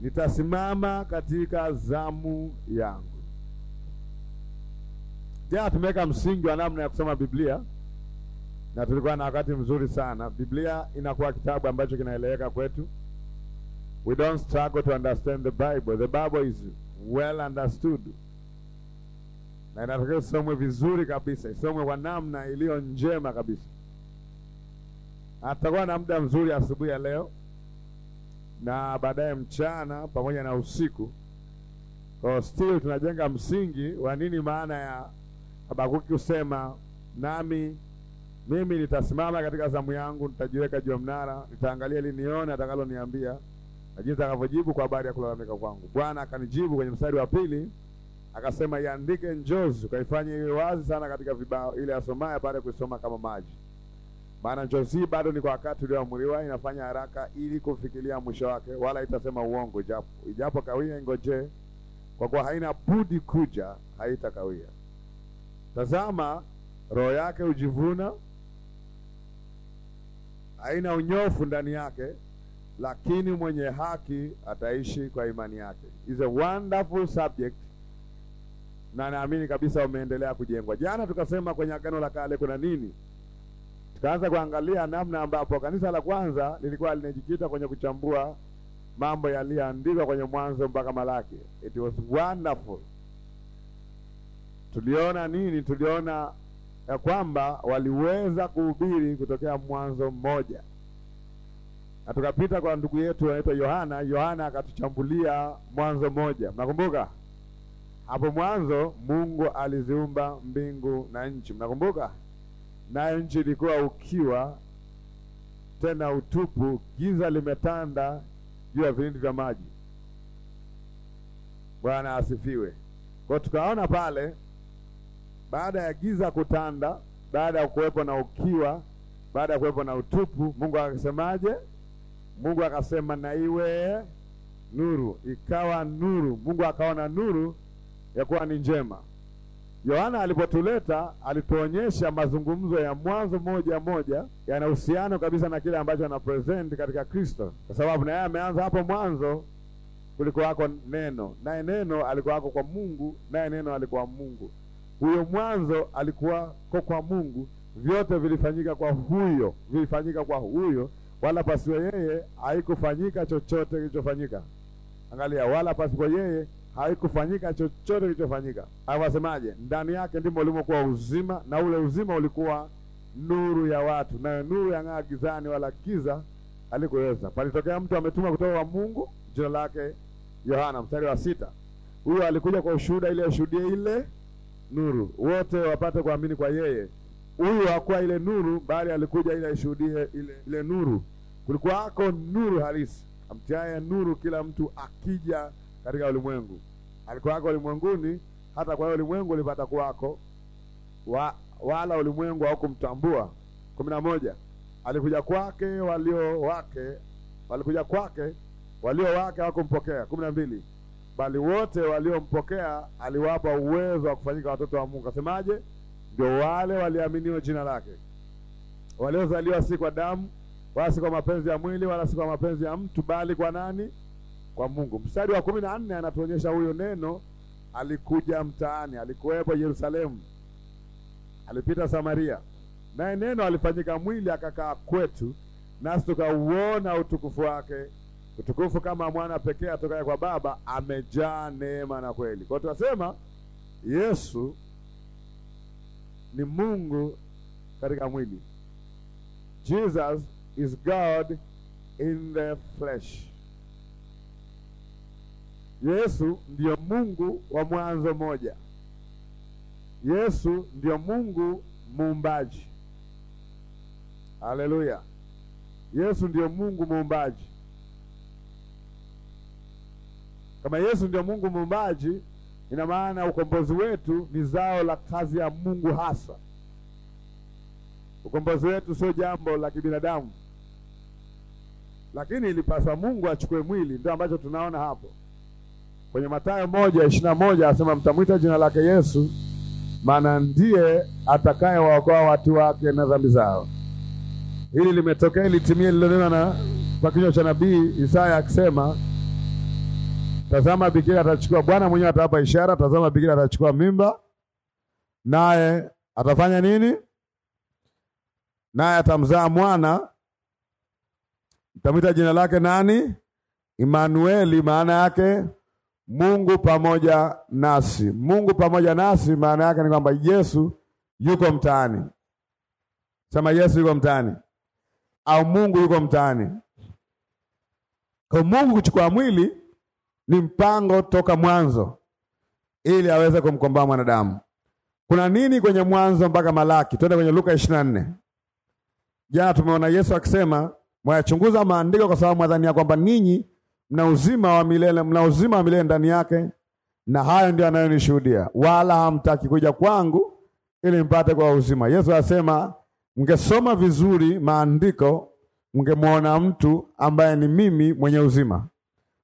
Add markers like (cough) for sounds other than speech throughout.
nitasimama katika zamu yangu. Jana tumeweka msingi wa namna ya kusoma Biblia na tulikuwa na wakati mzuri sana. Biblia inakuwa kitabu ambacho kinaeleweka kwetu. We don't struggle to understand the Bible. The Bible is well understood, na inatakiwa isomwe vizuri kabisa, isomwe kwa namna iliyo njema kabisa. Atakuwa na muda mzuri asubuhi ya leo na baadaye mchana pamoja na usiku. So still tunajenga msingi wa nini maana ya Habakuki kusema nami mimi nitasimama katika zamu yangu, nitajiweka juu ya mnara, nitaangalia ili nione atakaloniambia na jinsi atakavyojibu kwa habari ya kulalamika kwangu. Bwana akanijibu kwenye mstari wa pili akasema, iandike njozi, ukaifanye iwe wazi sana katika vibao, ile asomaye apate kuisoma kama maji. Bananchozi bado ni kwa wakati ulioamuriwa inafanya haraka ili kufikilia mwisho wake, wala itasema uongo, japo ijapo kawia ingoje kwa kuwa haina budi kuja, haitakawia. Tazama, roho yake hujivuna, haina unyofu ndani yake, lakini mwenye haki ataishi kwa imani yake. Is a wonderful subject, na naamini kabisa umeendelea kujengwa. Jana tukasema kwenye Agano la Kale kuna nini? tukaanza kuangalia namna ambapo kanisa la kwanza lilikuwa linajikita kwenye kuchambua mambo yaliyoandikwa kwenye Mwanzo mpaka Malaki. It was wonderful. Tuliona nini? Tuliona ya kwamba waliweza kuhubiri kutokea Mwanzo mmoja, na tukapita kwa ndugu yetu anaitwa Yohana. Yohana akatuchambulia Mwanzo mmoja, mnakumbuka? Hapo mwanzo Mungu aliziumba mbingu na nchi, mnakumbuka? na nchi ilikuwa ukiwa tena utupu, giza limetanda juu ya vilindi vya maji. Bwana asifiwe. Kwa tukaona pale, baada ya giza kutanda, baada ya kuwepo na ukiwa, baada ya kuwepo na utupu, Mungu akasemaje? Mungu akasema na iwe nuru, ikawa nuru. Mungu akaona nuru ya kuwa ni njema. Yohana alipotuleta alituonyesha mazungumzo ya Mwanzo moja moja yana uhusiano kabisa na kile ambacho ana present katika Kristo, kwa sababu naye ameanza hapo mwanzo kulikuwako neno, naye neno alikuwako kwa Mungu, naye neno alikuwa Mungu. Huyo mwanzo alikuwako kwa Mungu, vyote vilifanyika kwa huyo, vilifanyika kwa huyo, wala pasipo yeye haikufanyika chochote kilichofanyika. Angalia, wala pasipo yeye haikufanyika chochote kilichofanyika. Awasemaje? ndani yake ndimo ulimokuwa uzima, na ule uzima ulikuwa nuru ya watu, nayo nuru yang'aa gizani, wala giza alikuweza. Palitokea mtu ametumwa kutoka kwa Mungu, jina lake Yohana. Mstari wa sita, huyo alikuja kwa ushuhuda ili ashuhudie ile nuru, wote wapate kuamini kwa, kwa yeye. Huyu hakuwa ile nuru, bali alikuja ili aishuhudie ile, ile nuru. ako nuru halisi amtiaye nuru kila mtu akija katika ulimwengu. Alikuwako ulimwenguni, hata kwa hiyo ulimwengu ulipata kuwako wa, wala ulimwengu haukumtambua. kumi na moja alikuja kwake walio wake walikuja kwake walio wake hawakumpokea. kumi na mbili bali wote waliompokea aliwapa uwezo wa kufanyika watoto wa Mungu. Asemaje? Ndio wale waliaminiwa jina lake, waliozaliwa si kwa damu wala si kwa mapenzi ya mwili wala si kwa mapenzi ya mtu, bali kwa nani? kwa Mungu. Mstari wa kumi na nne anatuonyesha huyo neno alikuja mtaani, alikuwepo Yerusalemu, alipita Samaria, naye neno alifanyika mwili akakaa kwetu, nasi tukauona utukufu wake, utukufu kama mwana pekee atokaye kwa Baba, amejaa neema na kweli. Kwa tunasema Yesu ni Mungu katika mwili. Jesus is God in the flesh. Yesu ndiyo Mungu wa mwanzo moja. Yesu ndiyo Mungu muumbaji. Haleluya! Yesu ndiyo Mungu muumbaji. Kama Yesu ndiyo Mungu muumbaji, ina maana ukombozi wetu ni zao la kazi ya Mungu hasa. Ukombozi wetu sio jambo la kibinadamu, lakini ilipasa Mungu achukue mwili, ndio ambacho tunaona hapo kwenye Mathayo moja ishirini na moja asema mtamwita jina lake Yesu, maana ndiye atakayewaokoa watu wake na dhambi zao. Hili limetokea litimie lilonena na kwa kinywa cha nabii Isaya akisema, tazama bikira atachukua, Bwana mwenyewe atawapa ishara, tazama bikira atachukua mimba, naye atafanya nini? Naye atamzaa mwana, mtamwita jina lake nani? Imanueli, maana yake Mungu pamoja nasi. Mungu pamoja nasi maana yake ni kwamba Yesu yuko mtaani. Sema Yesu yuko mtaani au Mungu yuko mtaani. Kwa Mungu kuchukua mwili ni mpango toka mwanzo ili aweze kumkomboa mwanadamu. Kuna nini kwenye mwanzo mpaka Malaki? Twende kwenye Luka 24. Jana tumeona Yesu akisema, mwayachunguza maandiko kwa sababu mwadhania kwamba ninyi mna uzima wa milele, mna uzima wa milele ndani yake, na hayo ndio anayonishuhudia, wala hamtaki kuja kwangu ili mpate kwa uzima. Yesu asema, mngesoma vizuri maandiko mngemwona mtu ambaye ni mimi mwenye uzima.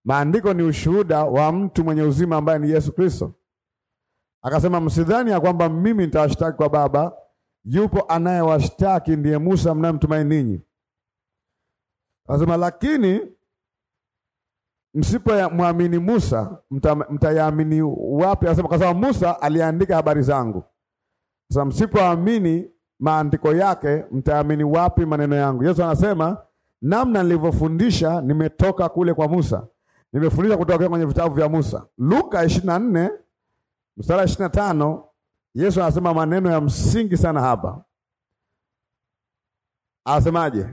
Maandiko ni ushuhuda wa mtu mwenye uzima ambaye ni Yesu Kristo. Akasema, msidhani ya kwamba mimi nitawashtaki kwa Baba, yupo anayewashtaki ndiye Musa mnayemtumaini ninyi. Akasema, lakini msipomwamini Musa mtayaamini wapi? Anasema kwa sababu Musa aliandika habari zangu. Sasa msipoamini maandiko yake mtayaamini wapi maneno yangu? Yesu anasema namna nilivyofundisha nimetoka kule kwa Musa, nimefundisha kutoka kwenye vitabu vya Musa. Luka 24 mstari 25, Yesu anasema maneno ya msingi sana hapa. Asemaje?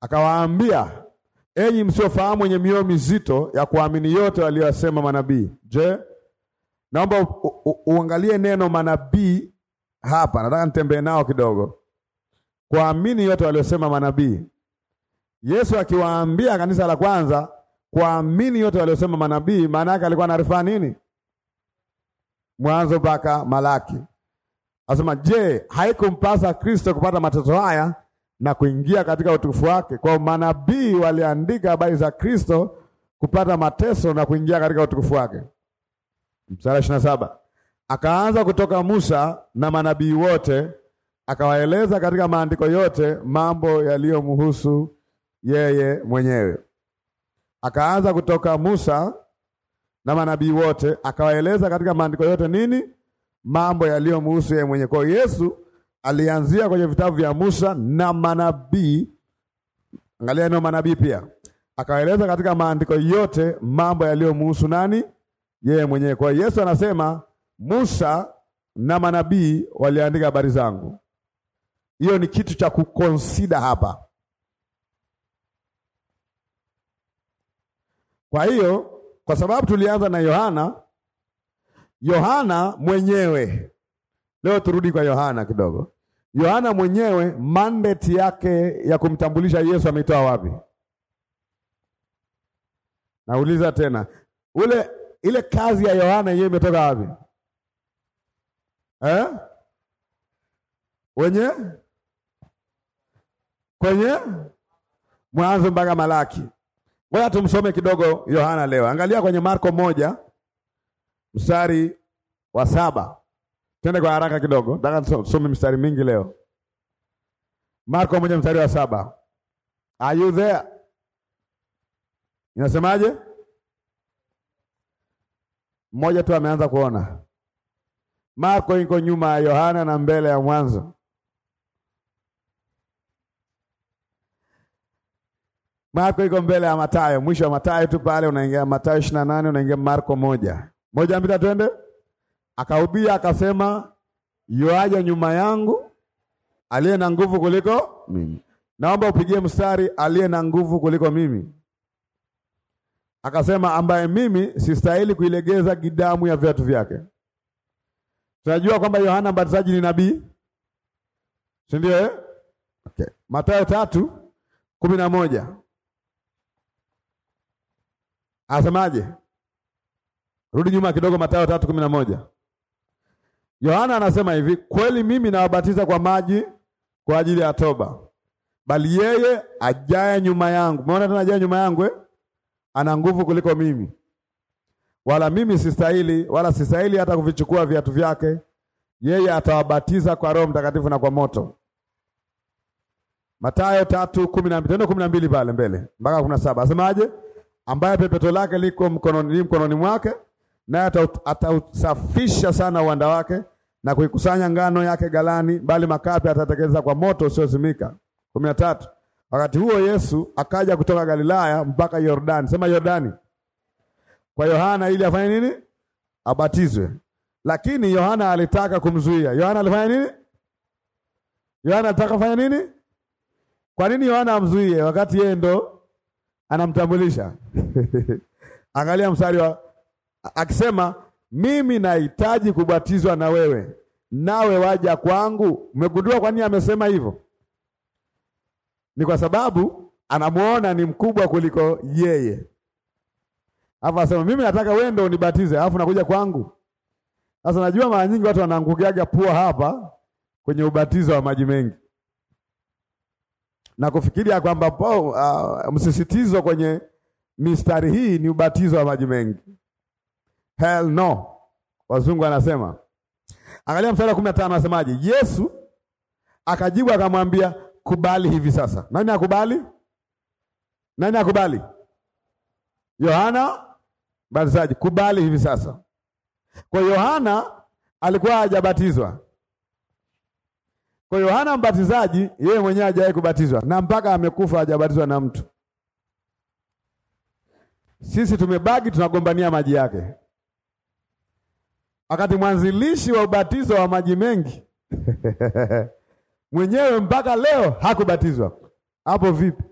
Akawaambia enyi msiofahamu wenye mioyo mizito ya kuamini yote waliyosema manabii. Je, naomba uangalie neno manabii hapa, nataka nitembee nao kidogo. Kuamini yote waliyosema manabii. Yesu akiwaambia kanisa la kwanza kuamini yote waliyosema manabii, maana yake alikuwa anarifaa nini? Mwanzo mpaka Malaki. asema je, haikumpasa Kristo kupata matatizo haya na kuingia katika utukufu wake. Kwa manabii waliandika habari za Kristo kupata mateso na kuingia katika utukufu wake. Mstari ishirini na saba akaanza kutoka Musa na manabii wote, akawaeleza katika maandiko yote mambo yaliyomhusu yeye mwenyewe. Akaanza kutoka Musa na manabii wote, akawaeleza katika maandiko yote nini? Mambo yaliyomhusu yeye mwenyewe. Kwa Yesu alianzia kwenye vitabu vya Musa na manabii. Angalia neno manabii pia, akaeleza katika maandiko yote mambo yaliyomhusu nani? Yeye mwenyewe. Kwa hiyo Yesu anasema Musa na manabii waliandika habari zangu. Hiyo ni kitu cha kukonsida hapa. Kwa hiyo, kwa sababu tulianza na Yohana, Yohana mwenyewe Leo turudi kwa Yohana kidogo. Yohana mwenyewe mandate yake ya kumtambulisha Yesu ameitoa wapi? Nauliza tena, ule ile kazi ya Yohana yenyewe imetoka wapi eh? wenye kwenye Mwanzo mpaka Malaki. Ngoja tumsome kidogo Yohana leo. Angalia kwenye Marko moja mstari wa saba Tende kwa haraka kidogo, nataka tusome mistari mingi leo. Marko moja mstari wa saba. Are you there? Inasemaje? Mmoja tu ameanza kuona. Marko iko nyuma ya Yohana na mbele ya mwanzo. Marko iko mbele ya Mathayo, mwisho wa Mathayo tu pale unaingia Mathayo 28 unaingia Marko moja. Moja mbili twende akahubia akasema, yuaja nyuma yangu aliye na nguvu kuliko mimi. Naomba upigie mstari aliye na nguvu kuliko mimi. Akasema, ambaye mimi sistahili kuilegeza gidamu ya viatu vyake. Tunajua kwamba Yohana Mbatizaji ni nabii, si ndio eh? Okay. Mathayo tatu kumi na moja asemaje? Rudi nyuma kidogo, Mathayo tatu kumi na moja. Yohana anasema hivi, kweli mimi nawabatiza kwa maji kwa ajili ya toba, bali yeye ajaye nyuma yangu, umeona tena, ajaye nyuma yangu eh? ana nguvu kuliko mimi, wala mimi sistahili, wala sistahili hata kuvichukua viatu vyake. Yeye atawabatiza kwa Roho Mtakatifu na kwa moto. Mathayo tatu kumi na mbili tendo kumi na mbili pale mbele mpaka kumi na saba asemaje? Ambaye pepeto lake liko mkononi mkononi mwake naye atausafisha sana uwanda wake na kuikusanya ngano yake galani, bali makapi atatekeleza kwa moto usiozimika. kumi na tatu. Wakati huo Yesu akaja kutoka Galilaya mpaka Yordani, sema Yordani, kwa Yohana ili afanye nini? Abatizwe. Lakini Yohana alitaka kumzuia. Yohana alifanya nini? Yohana alitaka kufanya nini? Kwa nini Yohana amzuie wakati yeye ndo anamtambulisha? (laughs) Angalia mstari wa akisema mimi nahitaji kubatizwa na wewe, nawe waja kwangu. Umegundua kwa nini amesema hivyo? Ni kwa sababu anamuona ni mkubwa kuliko yeye, alafu anasema mimi nataka wewe ndio unibatize, alafu nakuja kwangu. Sasa najua mara nyingi watu wanaangukiaga pua hapa kwenye ubatizo wa maji mengi na kufikiria kwamba uh, msisitizo kwenye mistari hii ni ubatizo wa maji mengi. Hell no. Wazungu anasema. Angalia mstari wa 15 anasemaje? Yesu akajibu akamwambia, "Kubali hivi sasa." Nani akubali? Nani akubali? Yohana Mbatizaji, kubali hivi sasa. Kwa Yohana alikuwa hajabatizwa. Kwa Yohana Mbatizaji yeye mwenyewe hajawahi kubatizwa na mpaka amekufa hajabatizwa na mtu. Sisi tumebaki tunagombania maji yake wakati mwanzilishi wa ubatizo wa maji mengi (laughs) mwenyewe mpaka leo hakubatizwa. Hapo vipi?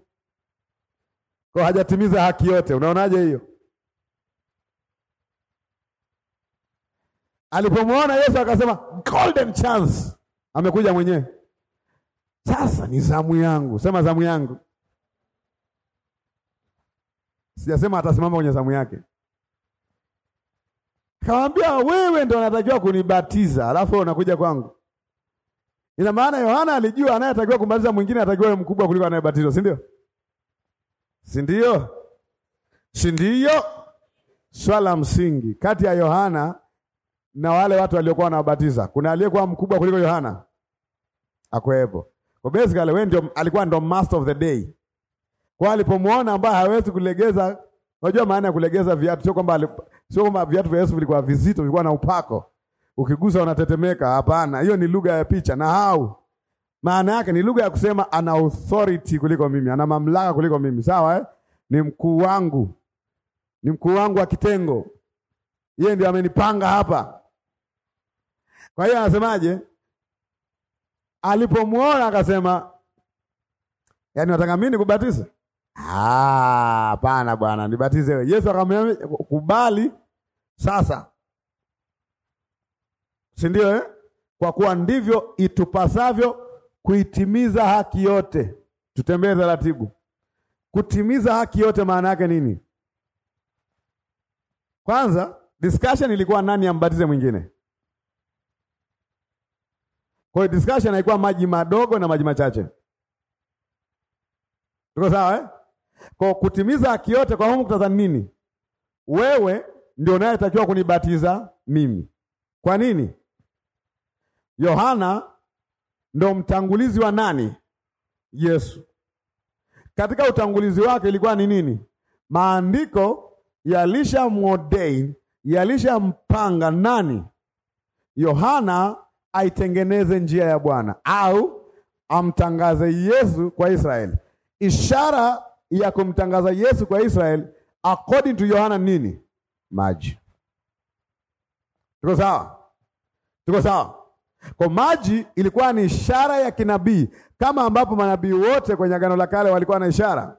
Kwa hajatimiza haki yote. Unaonaje hiyo? Alipomwona Yesu akasema golden chance, amekuja mwenyewe. Sasa ni zamu yangu, sema zamu yangu. Sijasema atasimama kwenye zamu yake. Kaambia wewe ndo unatakiwa kunibatiza, alafu wewe unakuja kwangu. Ina maana Yohana alijua anayetakiwa kumbatiza mwingine atakiwa yeye mkubwa kuliko anayebatizwa, si ndio? Si ndio? Si ndio? Swala msingi kati ya Yohana na wale watu waliokuwa wanawabatiza, kuna aliyekuwa mkubwa kuliko Yohana? Akwepo. Kwa basically wewe ndio alikuwa ndo master of the day. Kwa alipomwona ambaye hawezi kulegeza, unajua maana ya kulegeza viatu sio kwamba Sio kwamba viatu vya Yesu vilikuwa vizito, vilikuwa na upako, ukigusa unatetemeka. Hapana, hiyo ni lugha ya picha na hau. Maana yake ni lugha ya kusema ana authority kuliko mimi, ana mamlaka kuliko mimi. Sawa eh? Ni mkuu wangu, ni mkuu wangu wa kitengo, yeye ndiye amenipanga hapa. Kwa hiyo anasemaje? Alipomwona akasema, yaani nataka mimi nikubatize Ah, hapana bwana, nibatize wewe. Yesu akamwambia kubali sasa, si ndio eh? Kwa kuwa ndivyo itupasavyo kuitimiza haki yote. Tutembee taratibu. Kutimiza haki yote maana yake nini? Kwanza discussion ilikuwa nani ambatize mwingine. Kwa hiyo discussion haikuwa maji madogo na maji machache. Tuko sawa eh? Kwa kutimiza haki yote kwa Mungu kutazani nini? Wewe ndio unayetakiwa kunibatiza mimi. Kwa nini? Yohana ndo mtangulizi wa nani? Yesu. Katika utangulizi wake ilikuwa ni nini? Maandiko yalisha mwodei yalisha mpanga nani? Yohana aitengeneze njia ya Bwana au amtangaze Yesu kwa Israeli. Ishara ya kumtangaza Yesu kwa Israel according to Yohana nini? Maji. Tuko sawa? Tuko sawa? Kwa maji ilikuwa ni ishara ya kinabii, kama ambapo manabii wote kwenye Agano la Kale walikuwa na ishara.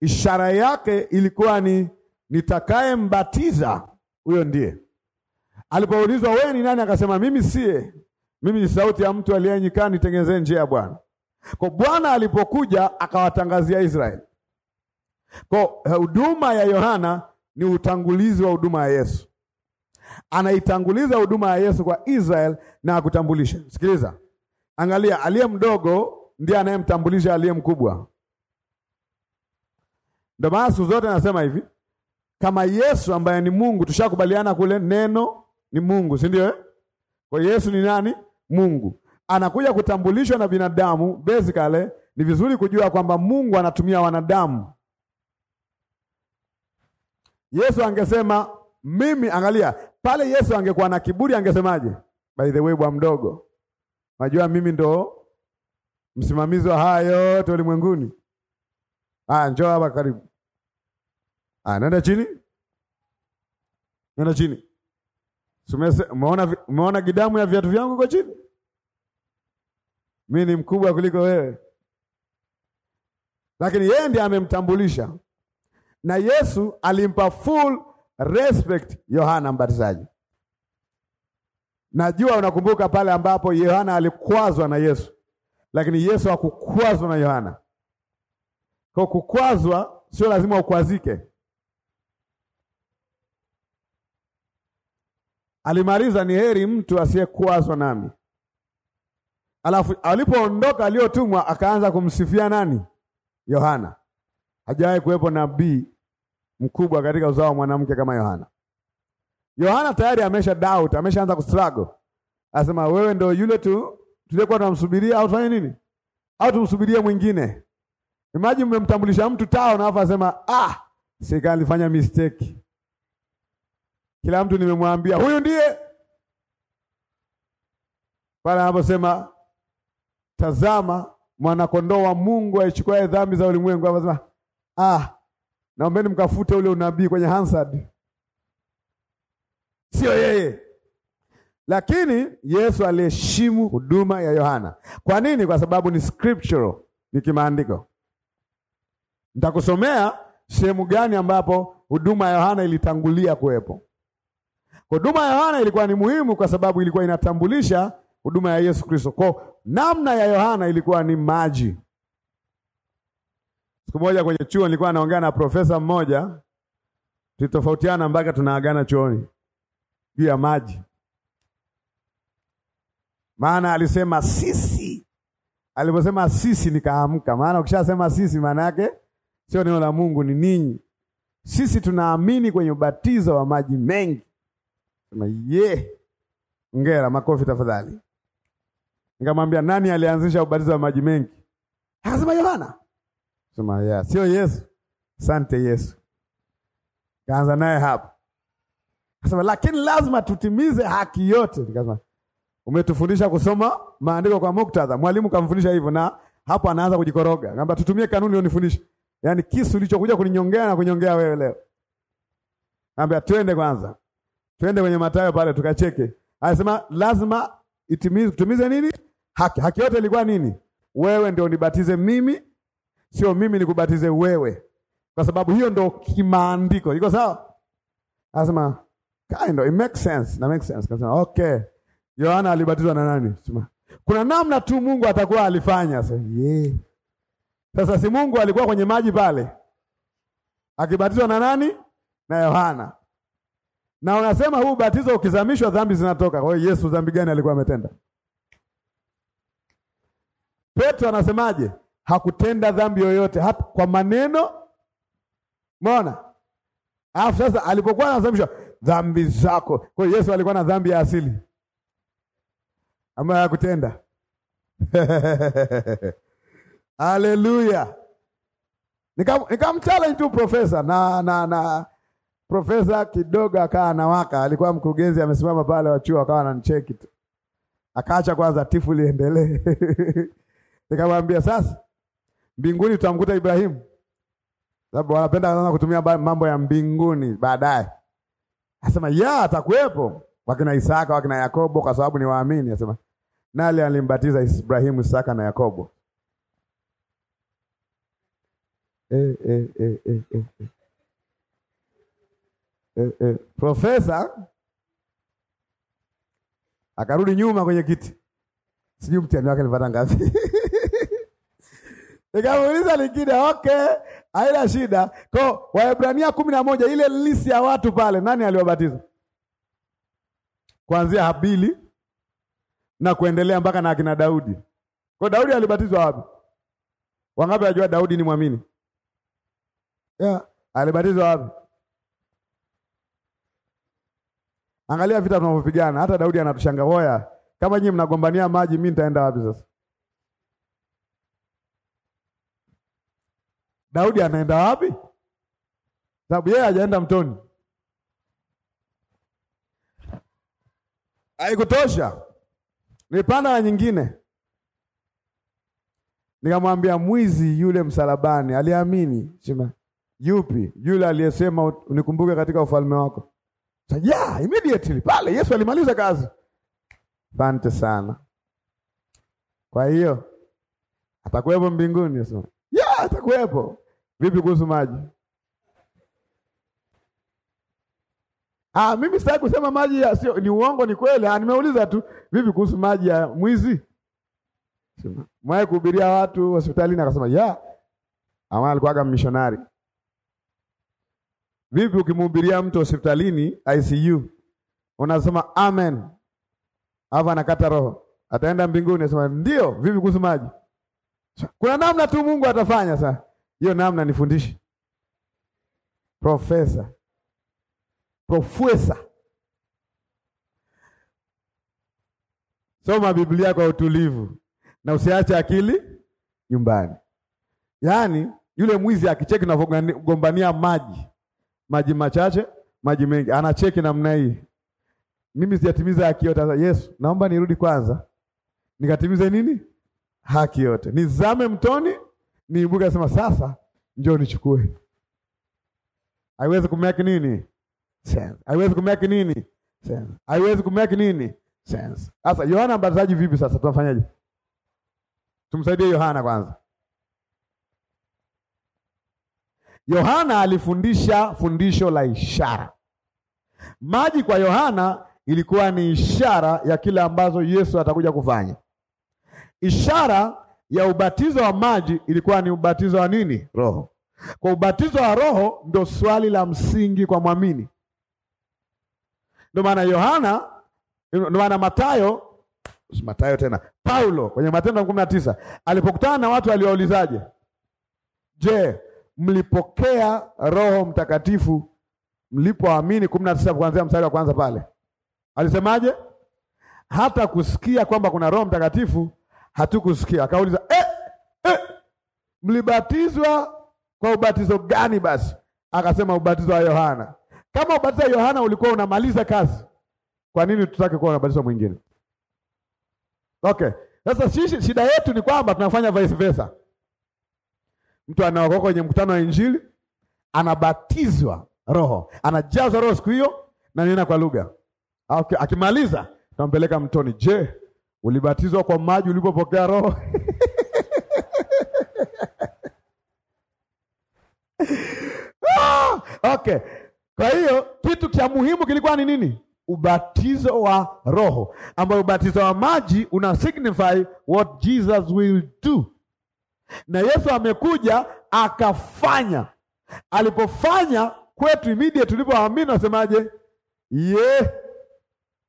Ishara yake ilikuwa ni nitakayembatiza huyo ndiye. Alipoulizwa wewe ni nani? Akasema mimi siye, mimi ni sauti ya mtu aliyenyikana nitengenezee njia ya Bwana. Kwa Bwana alipokuja akawatangazia Israeli. Kwa huduma ya Yohana ni utangulizi wa huduma ya Yesu. Anaitanguliza huduma ya Yesu kwa Israel na akutambulisha. Sikiliza, angalia, aliye mdogo ndiye anayemtambulisha aliye mkubwa. Ndio maana siku zote anasema hivi, kama Yesu ambaye ni Mungu, tushakubaliana kule neno ni Mungu, si ndio? Eh? Kwa Yesu ni nani? Mungu anakuja kutambulishwa na binadamu. Basically ni vizuri kujua kwamba Mungu anatumia wanadamu. Yesu angesema mimi, angalia pale, Yesu angekuwa na kiburi angesemaje? By the way, bwa mdogo, najua mimi ndo msimamizi wa haya yote ulimwenguni. Ah, njoo hapa karibu. Ah, nenda chini, nenda chini. Umeona, umeona gidamu ya viatu vyangu kwa chini mimi ni mkubwa kuliko wewe, lakini yeye ndiye amemtambulisha, na Yesu alimpa full respect Yohana Mbatizaji. Najua unakumbuka pale ambapo Yohana alikwazwa na Yesu, lakini Yesu hakukwazwa na Yohana. Kwa kukwazwa sio lazima ukwazike. Alimaliza, ni heri mtu asiyekwazwa nami. Alafu alipoondoka aliyotumwa akaanza kumsifia nani? Yohana. Hajawahi kuwepo nabii mkubwa katika uzao wa mwanamke kama Yohana. Yohana tayari amesha doubt, ameshaanza kustruggle. Anasema wewe ndio yule tu tulikuwa tunamsubiria au tufanye nini? Au tumsubirie mwingine? Imagine mmemtambulisha mtu tao na afa asema ah, sika alifanya mistake. Kila mtu nimemwambia huyu ndiye. Pale anaposema tazama mwanakondoo wa Mungu aichukuaye dhambi za ulimwengu. Akasema, ah, naombeni mkafute ule unabii kwenye Hansard, sio yeye. Lakini Yesu aliheshimu huduma ya Yohana. Kwa nini? Kwa sababu ni scriptural, ni kimaandiko. Nitakusomea sehemu gani ambapo huduma ya Yohana ilitangulia kuwepo. Huduma ya Yohana ilikuwa ni muhimu kwa sababu ilikuwa inatambulisha huduma ya Yesu Kristo. Kwa namna ya Yohana ilikuwa ni maji. Siku moja kwenye chuo nilikuwa naongea na profesa mmoja, tulitofautiana mpaka tunaagana chuoni juu ya maji, maana alisema sisi, aliposema sisi nikaamka, maana ukishasema sisi maana yake sio neno la Mungu, ni ninyi. Sisi tunaamini kwenye ubatizo wa maji mengi. Sema ye yeah. Ngera makofi tafadhali. Nikamwambia, nani alianzisha ubatizo wa maji mengi? Akasema Yohana. Sema ya, sio Yesu. Sante Yesu. Kaanza naye hapo. Akasema lakini lazima tutimize haki yote. Nikasema umetufundisha kusoma maandiko kwa muktadha. Mwalimu kamfundisha hivyo na hapo anaanza kujikoroga. Ngamba tutumie kanuni unifundishe. Yaani kisu ulichokuja kuninyongea na kunyongea wewe leo. Ngamba twende kwanza. Twende kwenye Mathayo pale tukacheke. Anasema lazima itimize tumize nini? haki. Haki yote ilikuwa nini? Wewe ndio nibatize mimi, sio mimi nikubatize wewe, kwa sababu hiyo ndio kimaandiko. Iko sawa? Anasema kind of it makes sense na makes sense. Kasema okay, Yohana alibatizwa na nani? Sema kuna namna tu Mungu atakuwa alifanya. Sasa yeah. Sasa si Mungu alikuwa kwenye maji pale akibatizwa na nani? Na Yohana. Na unasema huu batizo ukizamishwa dhambi zinatoka. Kwa hiyo Yesu dhambi gani alikuwa ametenda? Petro anasemaje? Hakutenda dhambi yoyote hata kwa maneno. Umeona? Alafu sasa alipokuwa anasemeshwa dhambi zako, kwa hiyo Yesu alikuwa na dhambi ya asili ambayo hakutenda. (laughs) Haleluya! Nikamchallenge tu profesa na, na, na profesa kidogo akawa anawaka, alikuwa mkurugenzi amesimama pale wa chuo, akawa ananicheki tu, akaacha kwanza tifu liendelee (laughs) Nikamwambia sasa, mbinguni tutamkuta Ibrahimu, sababu wanapenda sana kutumia mambo ya mbinguni baadaye. Asema ya atakuwepo wakina Isaka wakina Yakobo, kwa sababu ni waamini. Asema nali alimbatiza Ibrahimu, Isaka na Yakobo. E, e, e, e, e. E, e. Profesa akarudi nyuma kwenye kiti, sijui mtihani wake alipata ngapi? (laughs) nikamuuliza lingine, okay, haina shida. Kwa Waebrania kumi na moja ile lisi ya watu pale, nani aliwabatiza kuanzia Habili na kuendelea mpaka na akina Daudi. Kwa Daudi alibatizwa wapi? Wangapi wajua Daudi ni mwamini? Yeah, alibatizwa wapi? Angalia vita tunavyopigana, hata Daudi anatushangaa, hoya, kama nyinyi mnagombania maji, mimi nitaenda wapi sasa? Daudi anaenda wapi? Sababu yeye hajaenda mtoni. Haikutosha, nipanda na nyingine, nikamwambia mwizi yule msalabani aliamini sema yupi? Yule aliyesema unikumbuke katika ufalme wako. So, yeah, immediately pale Yesu alimaliza kazi. Asante sana. Kwa hiyo atakuwepo mbinguni Yesu. Yeah, atakuwepo. Vipi kuhusu maji? Ah, mimi sitaki kusema maji ya sio ni uongo, ni kweli. Ah, nimeuliza tu, vipi kuhusu maji ya mwizi? Mwae kuhubiria watu hospitalini akasema, "Ya, ama alikuwa missionary. Vipi ukimhubiria mtu hospitalini ICU? Unasema amen. Hapa anakata roho. Ataenda mbinguni, anasema, "Ndio, vipi kuhusu maji?" Kuna namna tu Mungu atafanya sasa hiyo namna nifundishe profesa profesa. Soma Biblia kwa utulivu na usiache akili nyumbani. Yaani yule mwizi akicheki unavyogombania maji, maji machache, maji mengi, anacheki namna hii, mimi sijatimiza haki yote. Yesu, naomba nirudi kwanza nikatimize nini? Haki yote, nizame mtoni ni niibuke asema sasa njoo nichukue. Haiwezi kumake nini sense, haiwezi kumake nini sense, haiwezi kumake nini sense. Sasa Yohana Mbatizaji vipi? Sasa tunafanyaje? Tumsaidie Yohana kwanza. Yohana alifundisha fundisho la ishara. Maji kwa Yohana ilikuwa ni ishara ya kile ambazo Yesu atakuja kufanya. Ishara ya ubatizo wa maji ilikuwa ni ubatizo wa nini? Roho. Kwa ubatizo wa roho ndo swali la msingi kwa mwamini. Ndio maana Yohana, ndio maana Mathayo, Mathayo tena Paulo kwenye Matendo kumi na tisa alipokutana na watu aliwaulizaje? Je, mlipokea Roho Mtakatifu mlipoamini? kumi na tisa kuanzia mstari wa kwanza pale alisemaje? hata kusikia kwamba kuna Roho Mtakatifu hatukusikia. Akauliza, eh, eh, mlibatizwa kwa ubatizo gani? Basi akasema ubatizo wa Yohana. Kama ubatizo wa Yohana ulikuwa unamaliza kazi, kwa nini tutake kuwa unabatizwa mwingine? Okay, sasa sisi shida yetu ni kwamba tunafanya vice versa. Mtu anaokoka kwenye mkutano wa Injili, anabatizwa Roho, anajazwa Roho siku hiyo na nina kwa lugha. Okay, akimaliza tunampeleka mtoni. Je, Ulibatizwa kwa maji ulipopokea Roho? Ah, okay, kwa hiyo kitu cha muhimu kilikuwa ni nini? Ubatizo wa Roho, ambayo ubatizo wa maji una signify what Jesus will do, na Yesu amekuja akafanya. Alipofanya kwetu immediate tulipoamini, nasemaje? Ye yeah.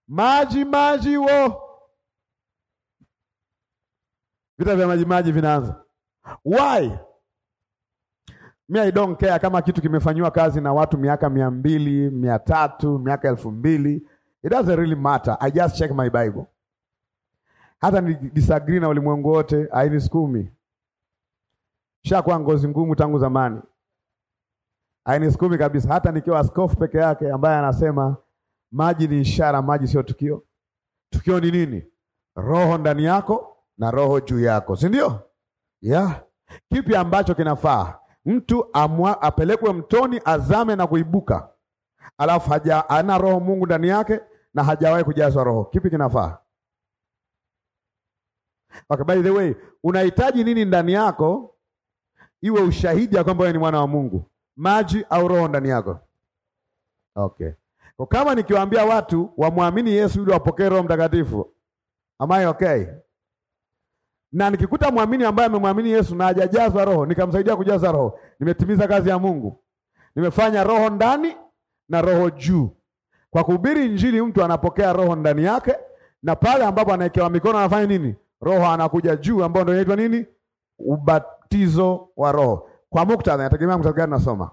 maji maji wo Vita vya majimaji vinaanza. Why? Mimi I don't care kama kitu kimefanywa kazi na watu miaka mia mbili, mia tatu, miaka elfu mbili. It doesn't really matter. I just check my Bible. Hata ni disagree na ulimwengu wote, ainisikumi. Shakuwa ngozi ngumu tangu zamani. Ainisikumi kabisa, hata nikiwa askofu peke yake ambaye anasema maji ni ishara, maji sio tukio. Tukio ni nini? Roho ndani yako na roho juu yako, si ndio? Yeah. Kipi ambacho kinafaa mtu amwa, apelekwe mtoni azame na kuibuka, alafu haja ana roho Mungu ndani yake na hajawahi kujazwa roho? Kipi kinafaa? Okay, by the way, unahitaji nini ndani yako iwe ushahidi ya kwamba wewe ni mwana wa Mungu? Maji au roho ndani yako? Okay. Kwa kama nikiwaambia watu wamwamini Yesu ili wapokee Roho Mtakatifu, am I okay? na nikikuta mwamini ambaye amemwamini Yesu na hajajazwa Roho, nikamsaidia kujaza Roho, nimetimiza kazi ya Mungu, nimefanya Roho ndani na Roho juu. Kwa kuhubiri Injili, mtu anapokea Roho ndani yake, na pale ambapo anaekewa mikono anafanya nini? Roho anakuja juu, ambao ndio inaitwa nini? Ubatizo wa Roho. Kwa muktadha, nategemea muktadha gani nasoma.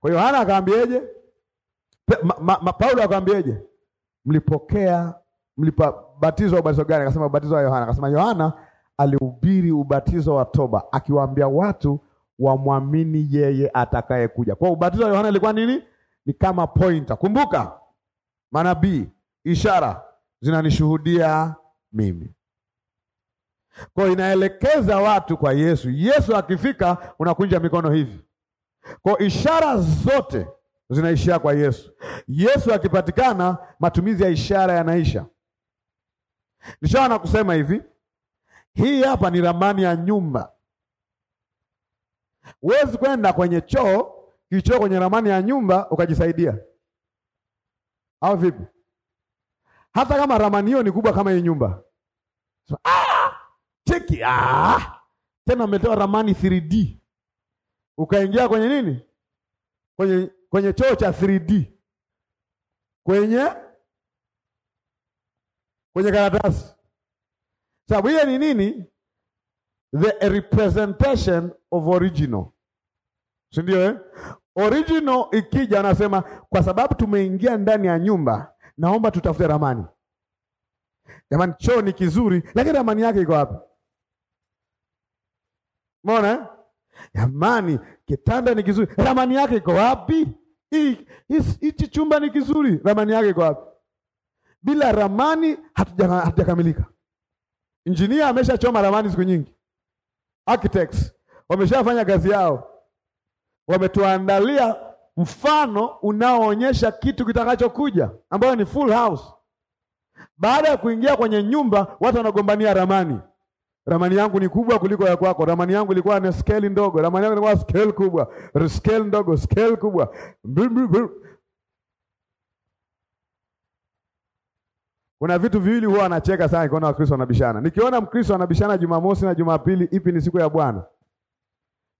Kwa hiyo Yohana akaambieje? Paulo akaambieje? Mlipokea, mlipobatizwa ubatizo gani? Akasema ubatizo wa Yohana. Akasema Yohana alihubiri ubatizo wa toba, akiwaambia watu wamwamini yeye atakayekuja. Kwa ubatizo wa Yohana ilikuwa nini? Ni kama pointer. Kumbuka manabii, ishara zinanishuhudia mimi. Kwa inaelekeza watu kwa Yesu. Yesu akifika unakunja mikono hivi. Kwa ishara zote zinaishia kwa Yesu. Yesu akipatikana matumizi ya ishara yanaisha. Nishaona kusema hivi hii hapa ni ramani ya nyumba. Huwezi kwenda kwenye choo kilicho kwenye ramani ya nyumba ukajisaidia, au vipi? Hata kama ramani hiyo ni kubwa kama hii nyumba. So, ah, cheki ah, tena umetoa ramani 3D ukaingia kwenye nini, kwenye kwenye choo cha 3D kwenye kwenye karatasi sababu hiyo ni nini? The representation of original, si ndio eh? Original ikija anasema kwa sababu tumeingia ndani ya nyumba, naomba tutafute ramani. Jamani, choo ni kizuri, lakini ramani yake iko wapi? mona eh? jamani, kitanda ni kizuri, ramani yake iko wapi? Hichi chumba ni kizuri, ramani yake iko wapi? Bila ramani hatujakamilika, hatuja Injinia ameshachoma ramani siku nyingi, architects wameshafanya kazi yao, wametuandalia mfano unaoonyesha kitu kitakachokuja, ambayo ni full house. Baada ya kuingia kwenye nyumba, watu wanagombania ramani. Ramani yangu ni kubwa kuliko ya kwako. Ramani yangu ilikuwa na scale ndogo, ramani yangu ilikuwa scale kubwa, scale ndogo, scale kubwa, brr, brr, brr. Kuna vitu viwili huwa anacheka sana nikiona Wakristo wanabishana. Nikiona Mkristo anabishana Jumamosi na Jumapili, ipi ni siku ya Bwana?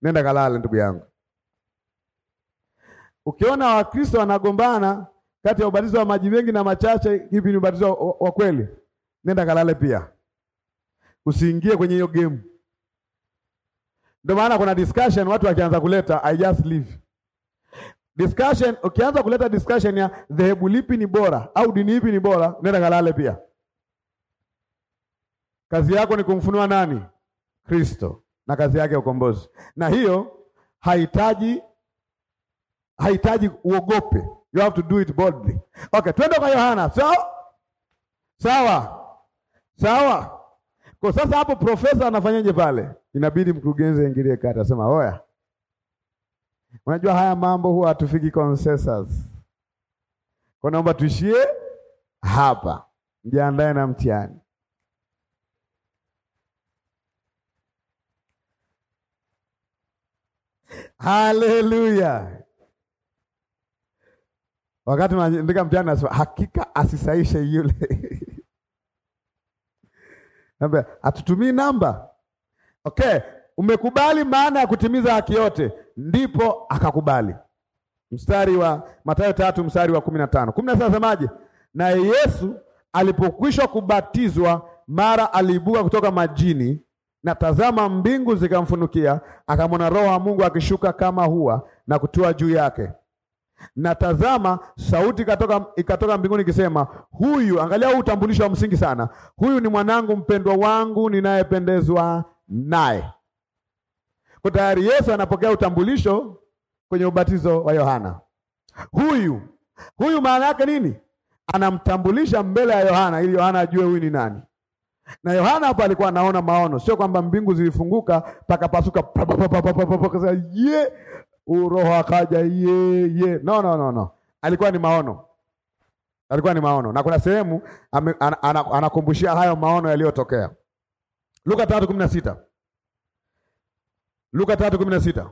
Nenda kalale, ndugu yangu. Ukiona Wakristo wanagombana kati ya ubatizo wa maji mengi na machache, ipi ni ubatizo wa kweli? Nenda kalale pia, usiingie kwenye hiyo game. Ndio maana kuna discussion watu wakianza kuleta I just leave Discussion, ukianza kuleta discussion ya dhehebu lipi ni bora au dini ipi ni bora, nenda kalale pia. Kazi yako ni kumfunua nani? Kristo na kazi yake ya ukombozi. Na hiyo hahitaji hahitaji uogope. You have to do it boldly. Okay, twende kwa Yohana. So, sawa. Sawa. Kwa sasa hapo profesa anafanyaje pale? Inabidi mkurugenzi aingilie kati, asema, "Oya, Unajua haya mambo huwa hatufiki consensus. Kwa naomba tuishie hapa, mjiandae na mtihani. Haleluya! Wakati naandika mtihani nasema hakika asisaishe yule (laughs) hatutumii namba okay. Umekubali maana ya kutimiza haki yote, ndipo akakubali. Mstari wa Mathayo tatu mstari wa kumi na tano kumi na Naye Yesu alipokwishwa kubatizwa, mara aliibuka kutoka majini, na tazama, mbingu zikamfunukia, akamwona Roho wa Mungu akishuka kama hua na kutua juu yake, na tazama, sauti ikatoka, ikatoka mbinguni ikisema, huyu. Angalia huu utambulisho wa msingi sana, huyu ni mwanangu mpendwa wangu ninayependezwa naye. Kwa tayari Yesu anapokea utambulisho kwenye ubatizo wa Yohana. Huyu huyu maana yake nini? Anamtambulisha mbele ya Yohana ili Yohana ajue huyu ni nani. Na Yohana hapo alikuwa anaona maono, sio kwamba mbingu zilifunguka pakapasuka pakaza ye uroho akaja ye ye. No, no, no, no. Alikuwa ni maono, alikuwa ni maono, na kuna sehemu anakumbushia hayo maono yaliyotokea Luka 3:16. Luka 3:16.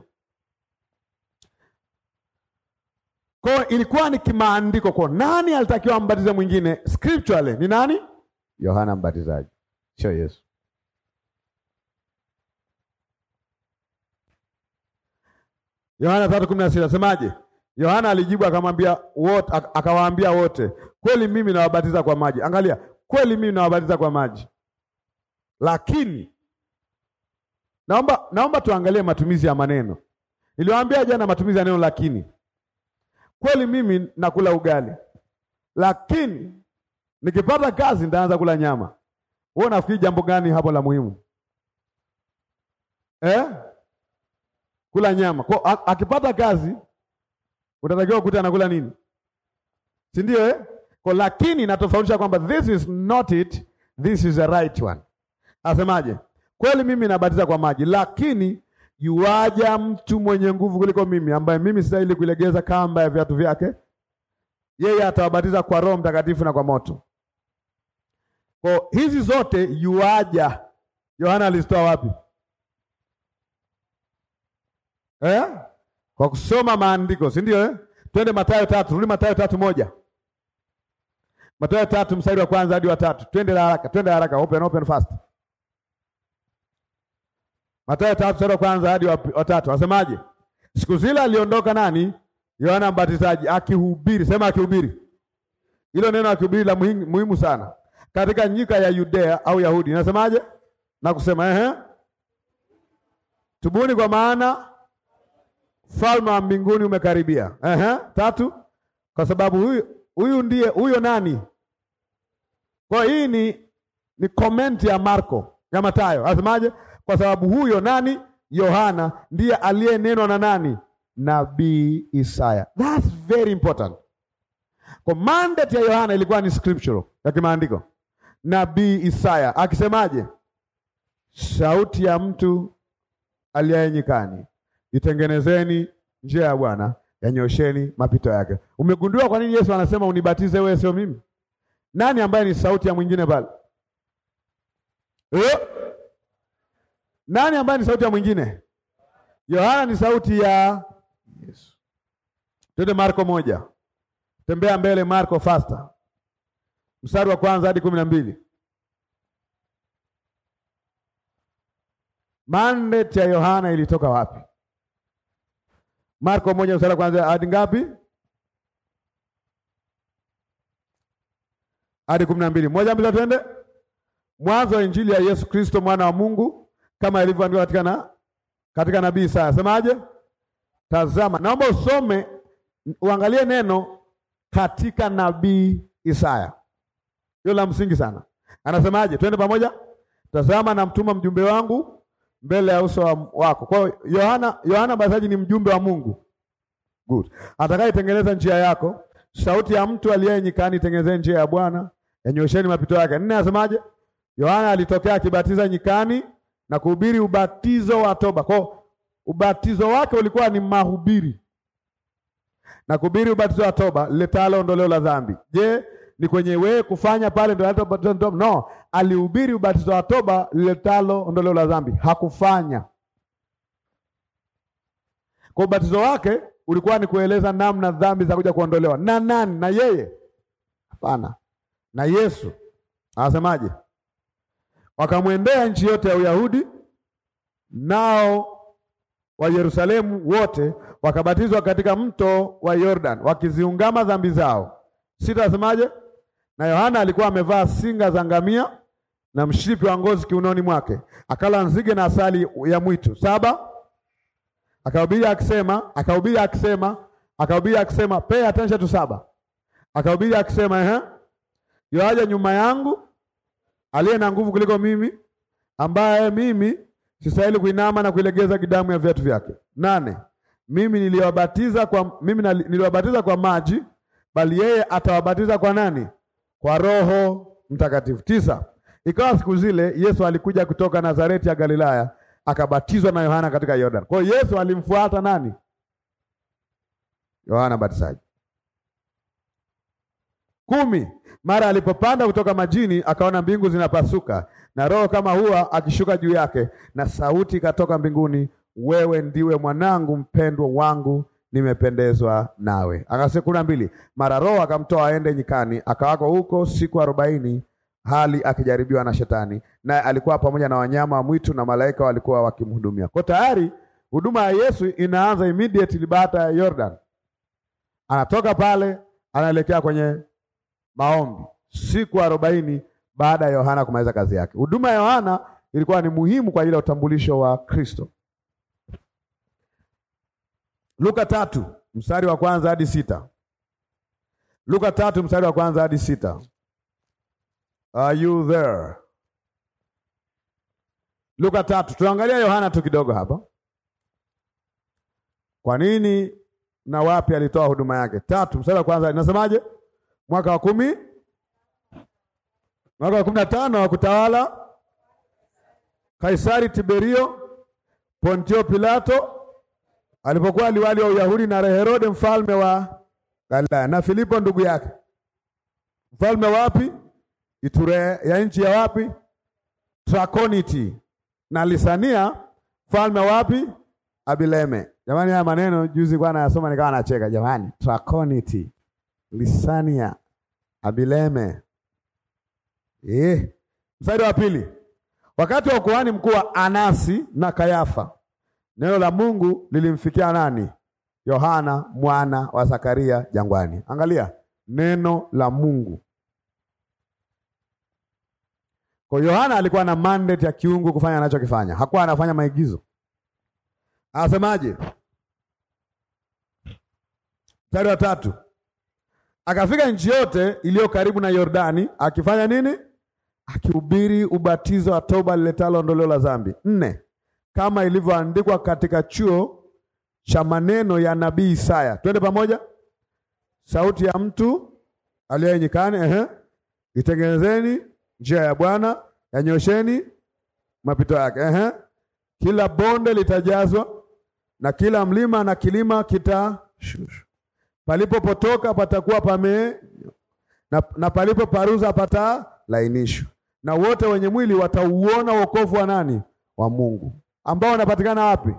Kwa ilikuwa ni kimaandiko kwa nani alitakiwa ambatize mwingine scripturally ni nani? Yohana Mbatizaji. Sio Yesu. Yohana 3:16 semaje Yohana alijibu akamwambia wote akawaambia wote, kweli mimi nawabatiza kwa maji. Angalia, kweli mimi nawabatiza kwa maji. Lakini Naomba, naomba tuangalie matumizi ya maneno. Niliwaambia jana matumizi ya neno lakini. Kweli mimi nakula ugali, lakini nikipata kazi nitaanza kula nyama. Wewe unafikiri jambo gani hapo la muhimu eh? Kula nyama kwa, akipata kazi utatakiwa kukuta anakula nini, si ndio eh? Kwa lakini natofautisha kwamba this is not it, this is the right one. Asemaje? Kweli mimi nabatiza kwa maji, lakini yuaja mtu mwenye nguvu kuliko mimi, ambaye mimi sitahili kuilegeza kamba ya viatu vyake. Yeye atawabatiza kwa Roho Mtakatifu na kwa moto. Kwa hizi zote yuaja, Yohana alizitoa wapi eh? Kwa kusoma maandiko, si ndio eh? Twende Mathayo tatu, rudi Mathayo tatu moja Mathayo tatu mstari wa kwanza hadi wa tatu. Twende haraka, twende haraka, open open fast Mathayo tatu sura wa kwanza hadi watatu wasemaje? Siku zile aliondoka nani? Yohana Mbatizaji akihubiri, sema akihubiri. Hilo neno akihubiri la muhimu sana katika nyika ya Yudea au Yahudi, nasemaje Na kusema ehe, tubuni kwa maana falme wa mbinguni umekaribia. Ehe, tatu, kwa sababu huyu huyu ndiye huyo nani? Kwa hii ni ni komenti ya Marko ya Mathayo, asemaje? kwa sababu huyo nani? Yohana ndiye aliyenenwa na nani? Nabii Isaya. That's very important. Kwa mandate ya Yohana ilikuwa ni scriptural ya kimaandiko. Nabii Isaya akisemaje? Sauti ya mtu aliaye nyikani, itengenezeni njia ya Bwana, yanyosheni mapito yake. Umegundua kwa nini Yesu anasema unibatize wewe, sio mimi? Nani ambaye ni sauti ya mwingine pale? Eh? Nani ambaye ni sauti ya mwingine? Yohana ni sauti ya Yesu. Twende Marko moja, tembea mbele Marko fasta, mstari wa kwanza hadi kumi na mbili. Mandate ya Yohana ilitoka wapi? Marko moja mstari wa kwanza hadi ngapi? Hadi kumi na mbili. Moja mbili, twende. Mwanzo wa Injili ya Yesu Kristo mwana wa Mungu kama ilivyoandikwa katika na katika nabii Isaya. Semaje? Tazama, naomba usome uangalie neno katika nabii Isaya. Hilo la msingi sana. Anasemaje? Twende pamoja. Tazama, namtuma mjumbe wangu mbele ya uso wa wako. Kwa hiyo Yohana Yohana Mbatizaji ni mjumbe wa Mungu. Good. Atakayetengeneza njia yako, sauti ya mtu aliye nyikani, tengenezeni njia ya Bwana, yanyosheni mapito yake. Nne, anasemaje? Yohana alitokea akibatiza nyikani na kuhubiri ubatizo wa toba. Kwa ubatizo wake ulikuwa ni mahubiri na kuhubiri ubatizo wa toba letalo ondoleo la dhambi. Je, ni kwenye wewe kufanya pale ndio alitoa ubatizo wa toba? No, alihubiri ubatizo wa toba letalo ondoleo la dhambi, hakufanya kwa ubatizo wake ulikuwa ni kueleza namna dhambi za kuja kuondolewa na nani? Na yeye? Hapana, na Yesu anasemaje? wakamwendea nchi yote ya Uyahudi nao wa Yerusalemu wote wakabatizwa katika mto wa Yordan wakiziungama dhambi zao. sita asemaje Na Yohana alikuwa amevaa singa za ngamia na mshipi wa ngozi kiunoni mwake, akala nzige na asali ya mwitu. Saba, akahubiri akisema, akahubiri akisema, akahubiri akisema, pay attention tu saba, akahubiri akisema, ehe, yoaja nyuma yangu aliye na nguvu kuliko mimi, ambaye mimi sistahili kuinama na kuilegeza kidamu ya viatu vyake. Nane, mimi niliwabatiza kwa, mimi niliwabatiza kwa maji, bali yeye atawabatiza kwa nani? Kwa Roho Mtakatifu. Tisa, ikawa siku zile Yesu alikuja kutoka Nazareti ya Galilaya akabatizwa na Yohana katika yordan Kwa hiyo Yesu alimfuata nani? Yohana Batizaji. Kumi, mara alipopanda kutoka majini, akaona mbingu zinapasuka na roho kama hua akishuka juu yake, na sauti ikatoka mbinguni, wewe ndiwe mwanangu mpendwa wangu, nimependezwa nawe. Akasema kumi na mbili, mara roho akamtoa aende nyikani, akawako huko siku arobaini hali akijaribiwa na Shetani, naye alikuwa pamoja na wanyama wa mwitu na malaika walikuwa wakimhudumia. Kwa tayari huduma ya Yesu inaanza immediately baada ya yordan anatoka pale anaelekea kwenye maombi siku arobaini baada ya Yohana kumaliza kazi yake. Huduma ya Yohana ilikuwa ni muhimu kwa ajili ya utambulisho wa Kristo. Luka tatu mstari wa kwanza hadi sita. Luka tatu mstari wa kwanza hadi sita. Are you there? Luka tatu, tunaangalia Yohana tu kidogo hapa. Kwa nini na wapi alitoa huduma yake? Tatu mstari wa kwanza inasemaje? mwaka wa kumi mwaka wa kumi na tano wa kutawala Kaisari Tiberio Pontio Pilato alipokuwa liwali wa Uyahudi na Herode mfalme wa Galilaya na Filipo ndugu yake. Mfalme wapi? Iture ya nchi ya wapi? Trakoniti na Lisania mfalme wapi? Abileme. Jamani, haya maneno juzi kwa nayasoma nikawa nacheka jamani. Trakoniti Lisania Abileme. Eh, mstari wa pili. Wakati wa kuhani mkuu wa Anasi na Kayafa, neno la Mungu lilimfikia nani? Yohana mwana wa Zakaria jangwani. Angalia neno la Mungu. Kwa Yohana alikuwa na mandate ya kiungu kufanya anachokifanya, hakuwa anafanya maigizo. Anasemaje? Mstari wa tatu Akafika nchi yote iliyo karibu na Yordani, akifanya nini? Akihubiri ubatizo wa toba liletalo ondoleo la dhambi. Nne, kama ilivyoandikwa katika chuo cha maneno ya nabii Isaya. Twende pamoja. Sauti ya mtu aliyenyikani ehe, itengenezeni njia ya Bwana, yanyosheni mapito yake. Ehe, kila bonde litajazwa na kila mlima na kilima kitashushwa. Palipopotoka patakuwa pame na, na palipo paruza pata patalainishwa, na wote wenye mwili watauona wokovu wa nani? Wa Mungu, ambao wanapatikana wapi?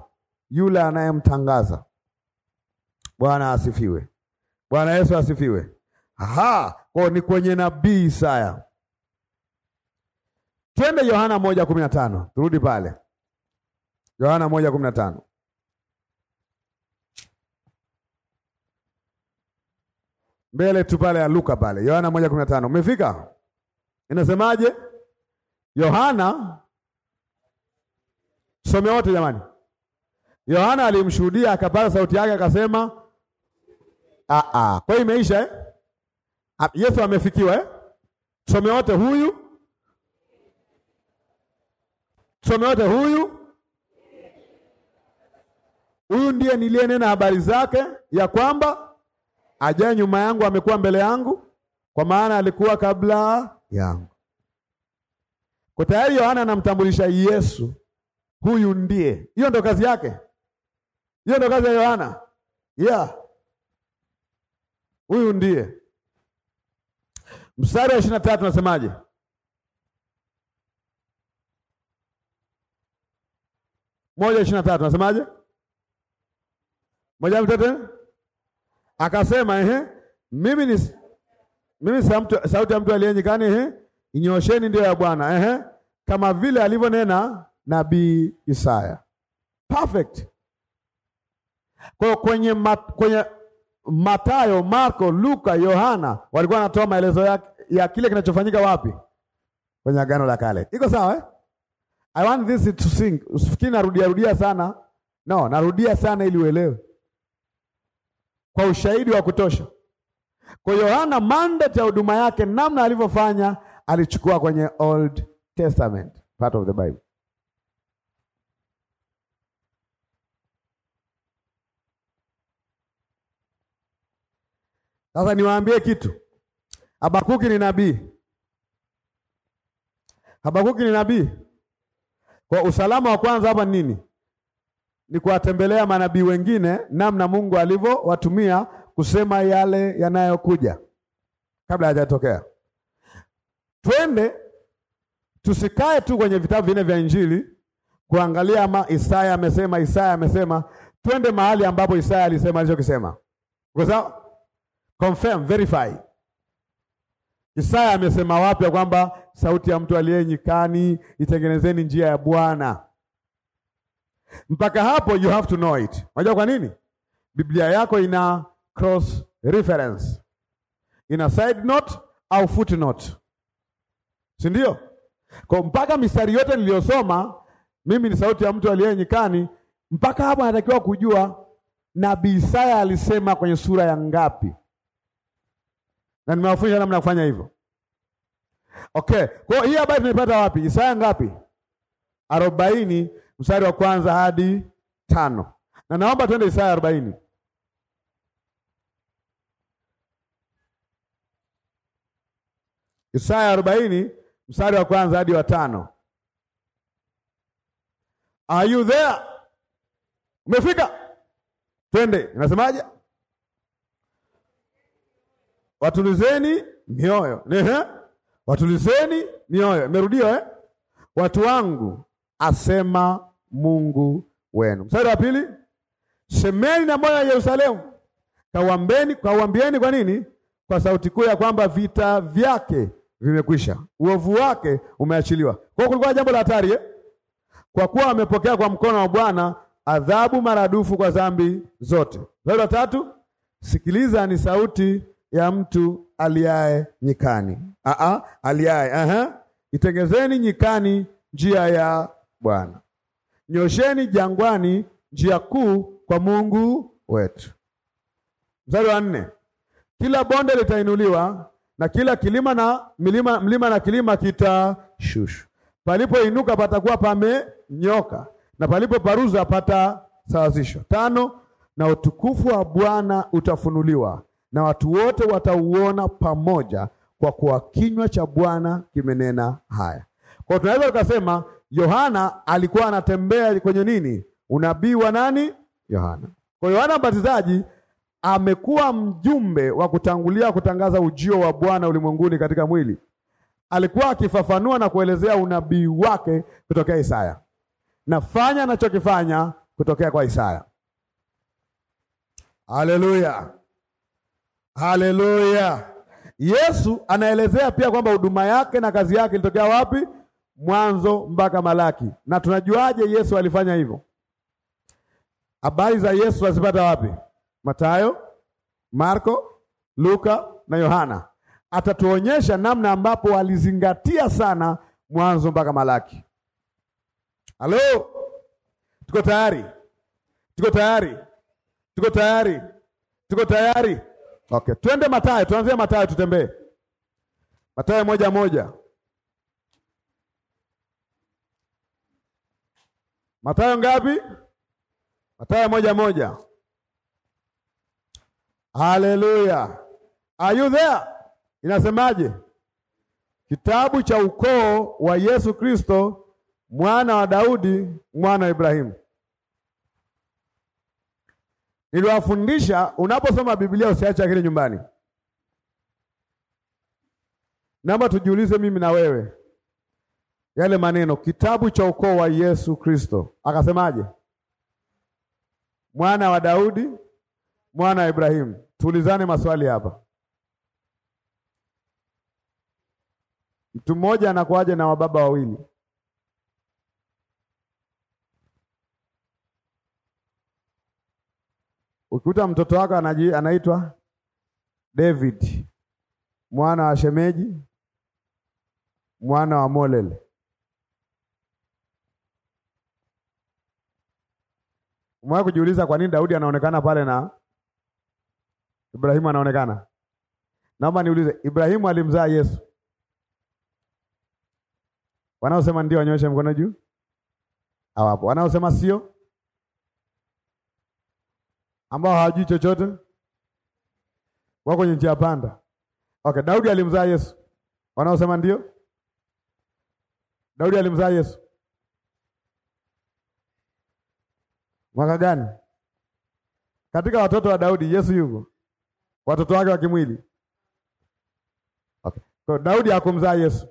Yule anayemtangaza. Bwana asifiwe. Bwana Yesu asifiwe. Aha, kwa ni kwenye nabii Isaya. Twende Yohana moja kumi na tano, turudi pale Yohana moja kumi na tano. mbele tu pale ya Luka pale, Yohana 1:15. umefika, inasemaje? Yohana some wote jamani. Yohana alimshuhudia akapaza sauti yake akasema, a ah, a. Ah. Kwa hiyo imeisha eh? Ah, Yesu amefikiwa eh? Some wote huyu, some wote huyu, huyu ndiye niliyenena habari zake ya kwamba ajaye nyuma yangu amekuwa mbele yangu, kwa maana alikuwa kabla yangu. Kwa tayari Yohana anamtambulisha Yesu, huyu ndiye. Hiyo ndo kazi yake, hiyo ndo kazi ya Yohana. Yeah, huyu ndiye. Mstari wa ishirini na tatu nasemaje? moja ishirini na tatu nasemaje? moja mtoto Akasema ehe, mimi ni mimi sauti ya mtu aliyenyikani, ehe, inyosheni ndio ya Bwana ehe, kama vile alivyonena nabii Isaya. Perfect. Kwa kwenye mat, kwenye Mathayo, Marko, Luka, Yohana walikuwa wanatoa maelezo ya, ya kile kinachofanyika wapi? Kwenye Agano la Kale. Iko sawa eh? I want this to sink. Usifikiri narudia rudia sana. No, narudia sana ili uelewe kwa ushahidi wa kutosha. Kwa Yohana, mandate ya huduma yake, namna alivyofanya, alichukua kwenye Old Testament, part of the Bible. Sasa niwaambie kitu. Habakuki ni nabii. Habakuki ni nabii. Kwa usalama wa kwanza hapa nini? ni kuwatembelea manabii wengine, namna Mungu alivyowatumia kusema yale yanayokuja kabla hajatokea. Twende tusikae tu kwenye vitabu vine vya Injili kuangalia ama Isaya amesema, Isaya amesema. Twende mahali ambapo Isaya alisema alichokisema. Uko sawa? Confirm, verify. Isaya amesema wapi ya kwamba sauti ya mtu aliye nyikani, itengenezeni njia ya Bwana. Mpaka hapo you have to know it. Unajua kwa nini? Biblia yako ina cross reference, ina side note au footnote, si ndio? Kwa mpaka mistari yote niliyosoma mimi ni sauti ya mtu aliye nyikani, mpaka hapo anatakiwa kujua nabii Isaya alisema kwenye sura ya ngapi, na nimewafunza namna ya kufanya hivyo. Okay, kwa hiyo hii habari tunaipata wapi? Isaya ngapi? arobaini mstari wa kwanza hadi tano na naomba twende Isaya arobaini. Isaya arobaini mstari wa kwanza hadi wa tano. Are you there? Umefika? Twende, inasemaje? Watulizeni mioyo. Ehe. Watulizeni mioyo. Imerudiwa eh? Watu wangu asema Mungu wenu. Mstari wa pili, semeni na moyo wa Yerusalemu, kawambeni kawambieni, kwa nini? Kwa sauti kuu ya kwamba vita vyake vimekwisha, uovu wake umeachiliwa. Kwa hiyo kulikuwa jambo la hatari eh? Kwa kuwa wamepokea kwa mkono wa Bwana adhabu maradufu kwa dhambi zote. Mstari wa tatu, sikiliza ni sauti ya mtu aliaye nyikani. Aa, aliaye, aha, itengezeni nyikani njia ya Bwana nyosheni jangwani njia kuu kwa Mungu wetu. Mstari wa nne, kila bonde litainuliwa na kila kilima na milima, mlima na kilima kitashushwa. Palipoinuka patakuwa pamenyoka na palipo paruza pata sawazisho Tano, na utukufu wa Bwana utafunuliwa na watu wote watauona pamoja, kwa kuwa kinywa cha Bwana kimenena haya. Kwa tunaweza tukasema Yohana alikuwa anatembea kwenye nini? Unabii wa nani? Yohana. Kwa Yohana Mbatizaji amekuwa mjumbe wa kutangulia kutangaza ujio wa Bwana ulimwenguni katika mwili. Alikuwa akifafanua na kuelezea unabii wake kutokea Isaya, nafanya anachokifanya kutokea kwa Isaya. Haleluya, haleluya. Yesu anaelezea pia kwamba huduma yake na kazi yake ilitokea wapi? Mwanzo mpaka Malaki. Na tunajuaje Yesu alifanya hivyo? Habari za Yesu azipata wapi? matayo Marko, Luka na Yohana. Atatuonyesha namna ambapo walizingatia sana Mwanzo mpaka Malaki. Halo, tuko tayari? Tuko tayari? Tuko tayari? Tuko tayari? Okay, twende Matayo, tuanzie matayo tutembee. matayo moja moja. Mathayo ngapi? Mathayo moja moja. Haleluya. Are you there? Inasemaje? Kitabu cha ukoo wa Yesu Kristo mwana wa Daudi mwana wa Ibrahimu. Niliwafundisha unaposoma Biblia usiache akili nyumbani. Naomba tujiulize mimi na wewe yale maneno, kitabu cha ukoo wa Yesu Kristo. Akasemaje? Mwana wa Daudi, mwana wa Ibrahimu. Tuulizane maswali hapa. Mtu mmoja anakuaje na wababa wawili? Ukikuta mtoto wako anaitwa David, mwana wa shemeji, mwana wa Molele Umewahi kujiuliza kwa nini Daudi anaonekana pale na Ibrahimu anaonekana? Naomba niulize, Ibrahimu alimzaa Yesu? Wanaosema ndio wanyoshe mkono juu. Hawapo. Wanaosema sio, ambao hawajui chochote, wako kwenye njia panda. Okay, Daudi alimzaa Yesu. Wanaosema ndio, Daudi alimzaa Yesu. Mwaka gani? Katika watoto wa Daudi Yesu yuko watoto wake wa kimwili. Okay. So, Daudi hakumzaa Yesu.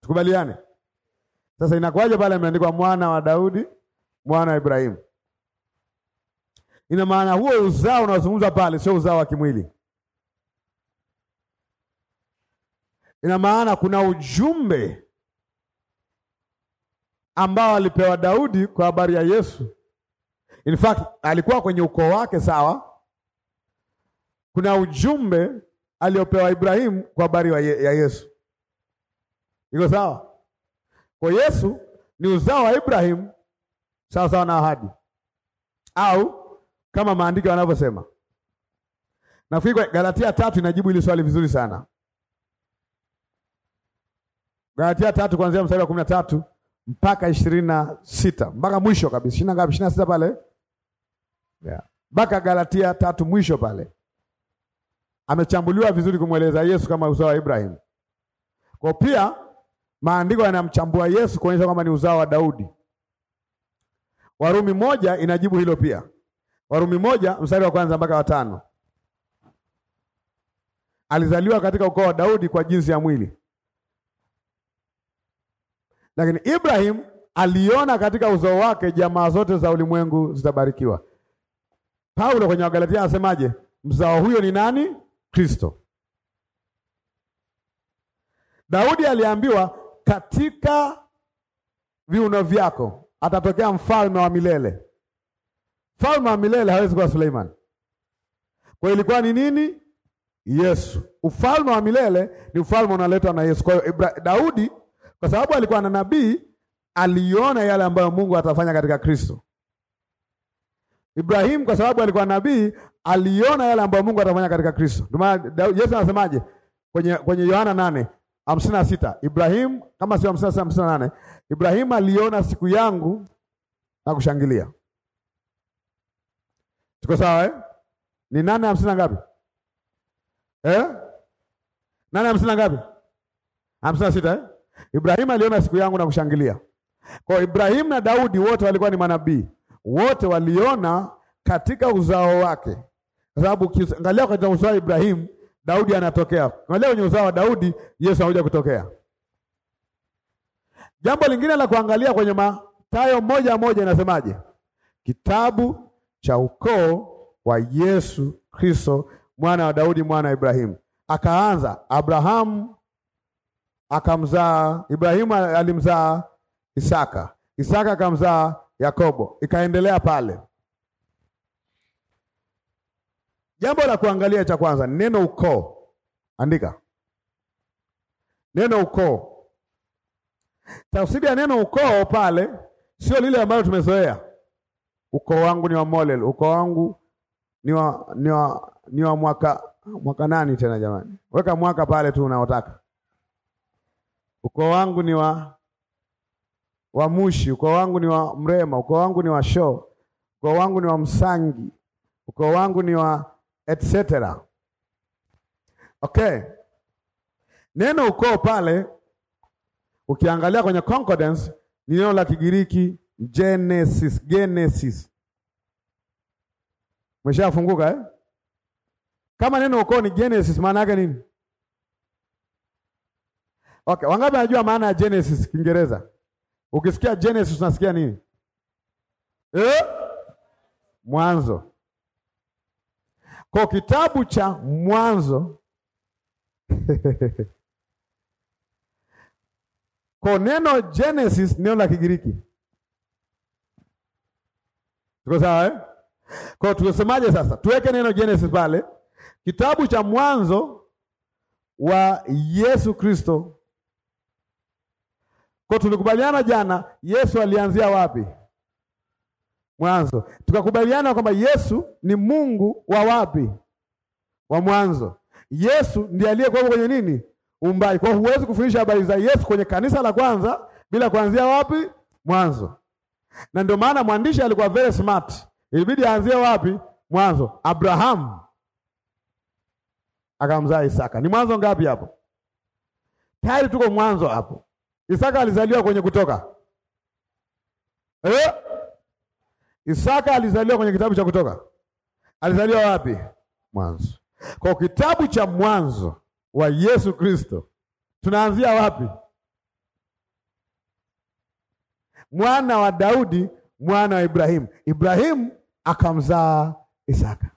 Tukubaliane. Sasa inakuwaje pale imeandikwa mwana wa Daudi, mwana wa Ibrahimu? Ina maana huo uzao unaozungumza pale sio uzao wa kimwili. Ina maana kuna ujumbe ambao alipewa Daudi kwa habari ya Yesu In fact, alikuwa kwenye ukoo wake sawa. Kuna ujumbe aliopewa Ibrahimu kwa habari ye, ya Yesu. Iko sawa? Kwa Yesu ni uzao wa Ibrahimu sawa sawa na ahadi, au kama maandiko yanavyosema. Nafikiri kwa Galatia tatu inajibu hili swali vizuri sana. Galatia tatu kuanzia mstari wa kumi na tatu mpaka ishirini na sita mpaka mwisho kabisa. ishirini na ngapi? ishirini na sita pale mpaka yeah. Galatia tatu mwisho pale amechambuliwa vizuri kumweleza Yesu kama uzao wa Ibrahim. Kwa pia maandiko yanamchambua Yesu kuonyesha kwamba ni uzao wa Daudi. Warumi moja inajibu hilo pia. Warumi moja mstari wa kwanza mpaka watano alizaliwa katika ukoo wa Daudi kwa jinsi ya mwili, lakini Ibrahim aliona katika uzao wake jamaa zote za ulimwengu zitabarikiwa. Paulo kwenye Wagalatia anasemaje? Mzao huyo ni nani? Kristo. Daudi aliambiwa katika viuno vyako atatokea mfalme wa milele. Mfalme wa milele hawezi kuwa Suleiman. Kwa ilikuwa ni nini? Yesu. Ufalme wa milele ni ufalme unaletwa na Yesu. Kwa hiyo Daudi, kwa sababu alikuwa na nabii, aliona yale ambayo Mungu atafanya katika Kristo. Ibrahimu kwa sababu alikuwa nabii, aliona yale ambayo Mungu atafanya katika Kristo. Ndio maana Yesu anasemaje kwenye kwenye Yohana nane hamsini na sita Ibrahimu kama sio hamsini na sita hamsini na nane Ibrahimu aliona siku yangu na kushangilia. Tuko sawa eh? Ni nane hamsini na ngapi eh? nane hamsini na ngapi? hamsini na sita eh? Ibrahimu aliona siku yangu na kushangilia. Kwa Ibrahimu na Daudi wote walikuwa ni manabii wote waliona katika uzao wake, kwa sababu ukiangalia katika uzao wa Ibrahimu Daudi anatokea. Angalia kwenye uzao wa Daudi Yesu anakuja kutokea. Jambo lingine la kuangalia kwenye Mathayo moja moja inasemaje? Kitabu cha ukoo wa Yesu Kristo mwana wa Daudi mwana wa Ibrahimu. Akaanza Abrahamu akamzaa Ibrahimu, alimzaa Isaka, Isaka akamzaa Yakobo, ikaendelea pale. Jambo la kuangalia cha kwanza, neno ukoo. Andika neno ukoo. Tafsiri ya neno ukoo pale sio lile ambalo tumezoea, ukoo wangu ni wa Molel, ukoo wangu ni wa ni wa ni wa mwaka mwaka nani tena jamani, weka mwaka pale tu unaotaka. Ukoo wangu ni wa wa Mushi, ukoo wangu ni wa Mrema, ukoo wangu ni wa Shoo, ukoo wangu ni wa Msangi, ukoo wangu ni wa etc. Okay, neno ukoo pale ukiangalia kwenye concordance ni neno la Kigiriki Genesis, Genesis. Umeshafunguka eh? Kama neno ukoo ni Genesis maana yake nini? Okay, wangapi wanajua maana ya Genesis Kiingereza? Ukisikia Genesis unasikia nini? Eh? Mwanzo. Kwa kitabu cha Mwanzo (laughs) Kwa neno Genesis neno la Kigiriki. Tuko sawa eh? Kwa tusemaje sasa? Tuweke neno Genesis pale. Kitabu cha mwanzo wa Yesu Kristo kwa tulikubaliana jana, Yesu alianzia wapi? Mwanzo. Tukakubaliana kwamba Yesu ni Mungu wa wapi? Wa mwanzo. Yesu ndiye aliyekuwa kwenye nini? umbai Kwa huwezi kufundisha habari za Yesu kwenye kanisa la kwanza bila kuanzia wapi? Mwanzo. Na ndio maana mwandishi alikuwa very smart. Ilibidi aanzie wapi? Mwanzo. Abraham akamzaa Isaka. Ni mwanzo ngapi hapo? Tayari tuko mwanzo hapo. Isaka alizaliwa kwenye Kutoka eh? Isaka alizaliwa kwenye kitabu cha Kutoka. Alizaliwa wapi? Mwanzo. Kwa kitabu cha Mwanzo wa Yesu Kristo tunaanzia wapi? Mwana wa Daudi, mwana wa Ibrahimu. Ibrahimu akamzaa Isaka.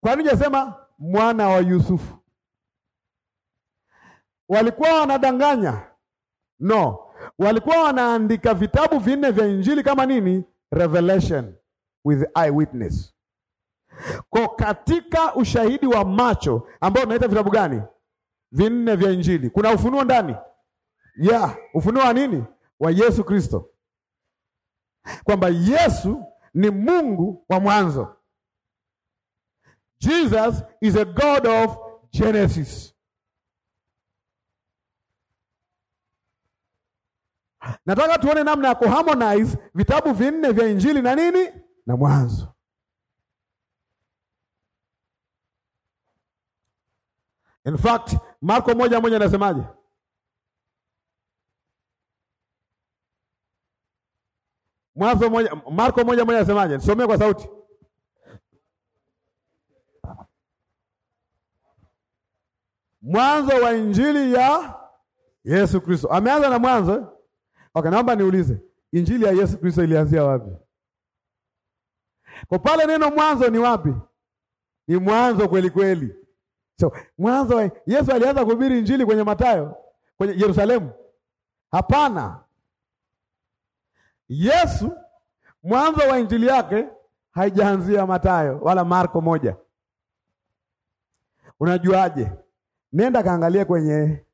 Kwa nini jasema mwana wa Yusufu? Walikuwa wanadanganya No, walikuwa wanaandika vitabu vinne vya Injili kama nini? Revelation with eyewitness. Kwa katika ushahidi wa macho ambao unaita vitabu gani? Vinne vya Injili. Kuna ufunuo ndani ya yeah. Ufunuo wa nini? Wa Yesu Kristo, kwamba Yesu ni Mungu wa mwanzo. Jesus is a God of Genesis. Nataka tuone namna ya kuharmonize vitabu vinne vya Injili na nini na Mwanzo. In fact, Marko moja moja anasemaje? Mwanzo moja, Marko moja moja anasemaje? Nisomee kwa sauti. Mwanzo wa Injili ya Yesu Kristo. Ameanza na mwanzo eh? Okay, naomba niulize, injili ya Yesu Kristo ilianzia wapi? Kwa pale neno mwanzo ni wapi? Ni mwanzo kweli kweli. So, mwanzo Yesu alianza kuhubiri injili kwenye Mathayo, kwenye Yerusalemu? Hapana. Yesu mwanzo wa injili yake haijaanzia Mathayo wala Marko moja. Unajuaje? Nenda kaangalie kwenye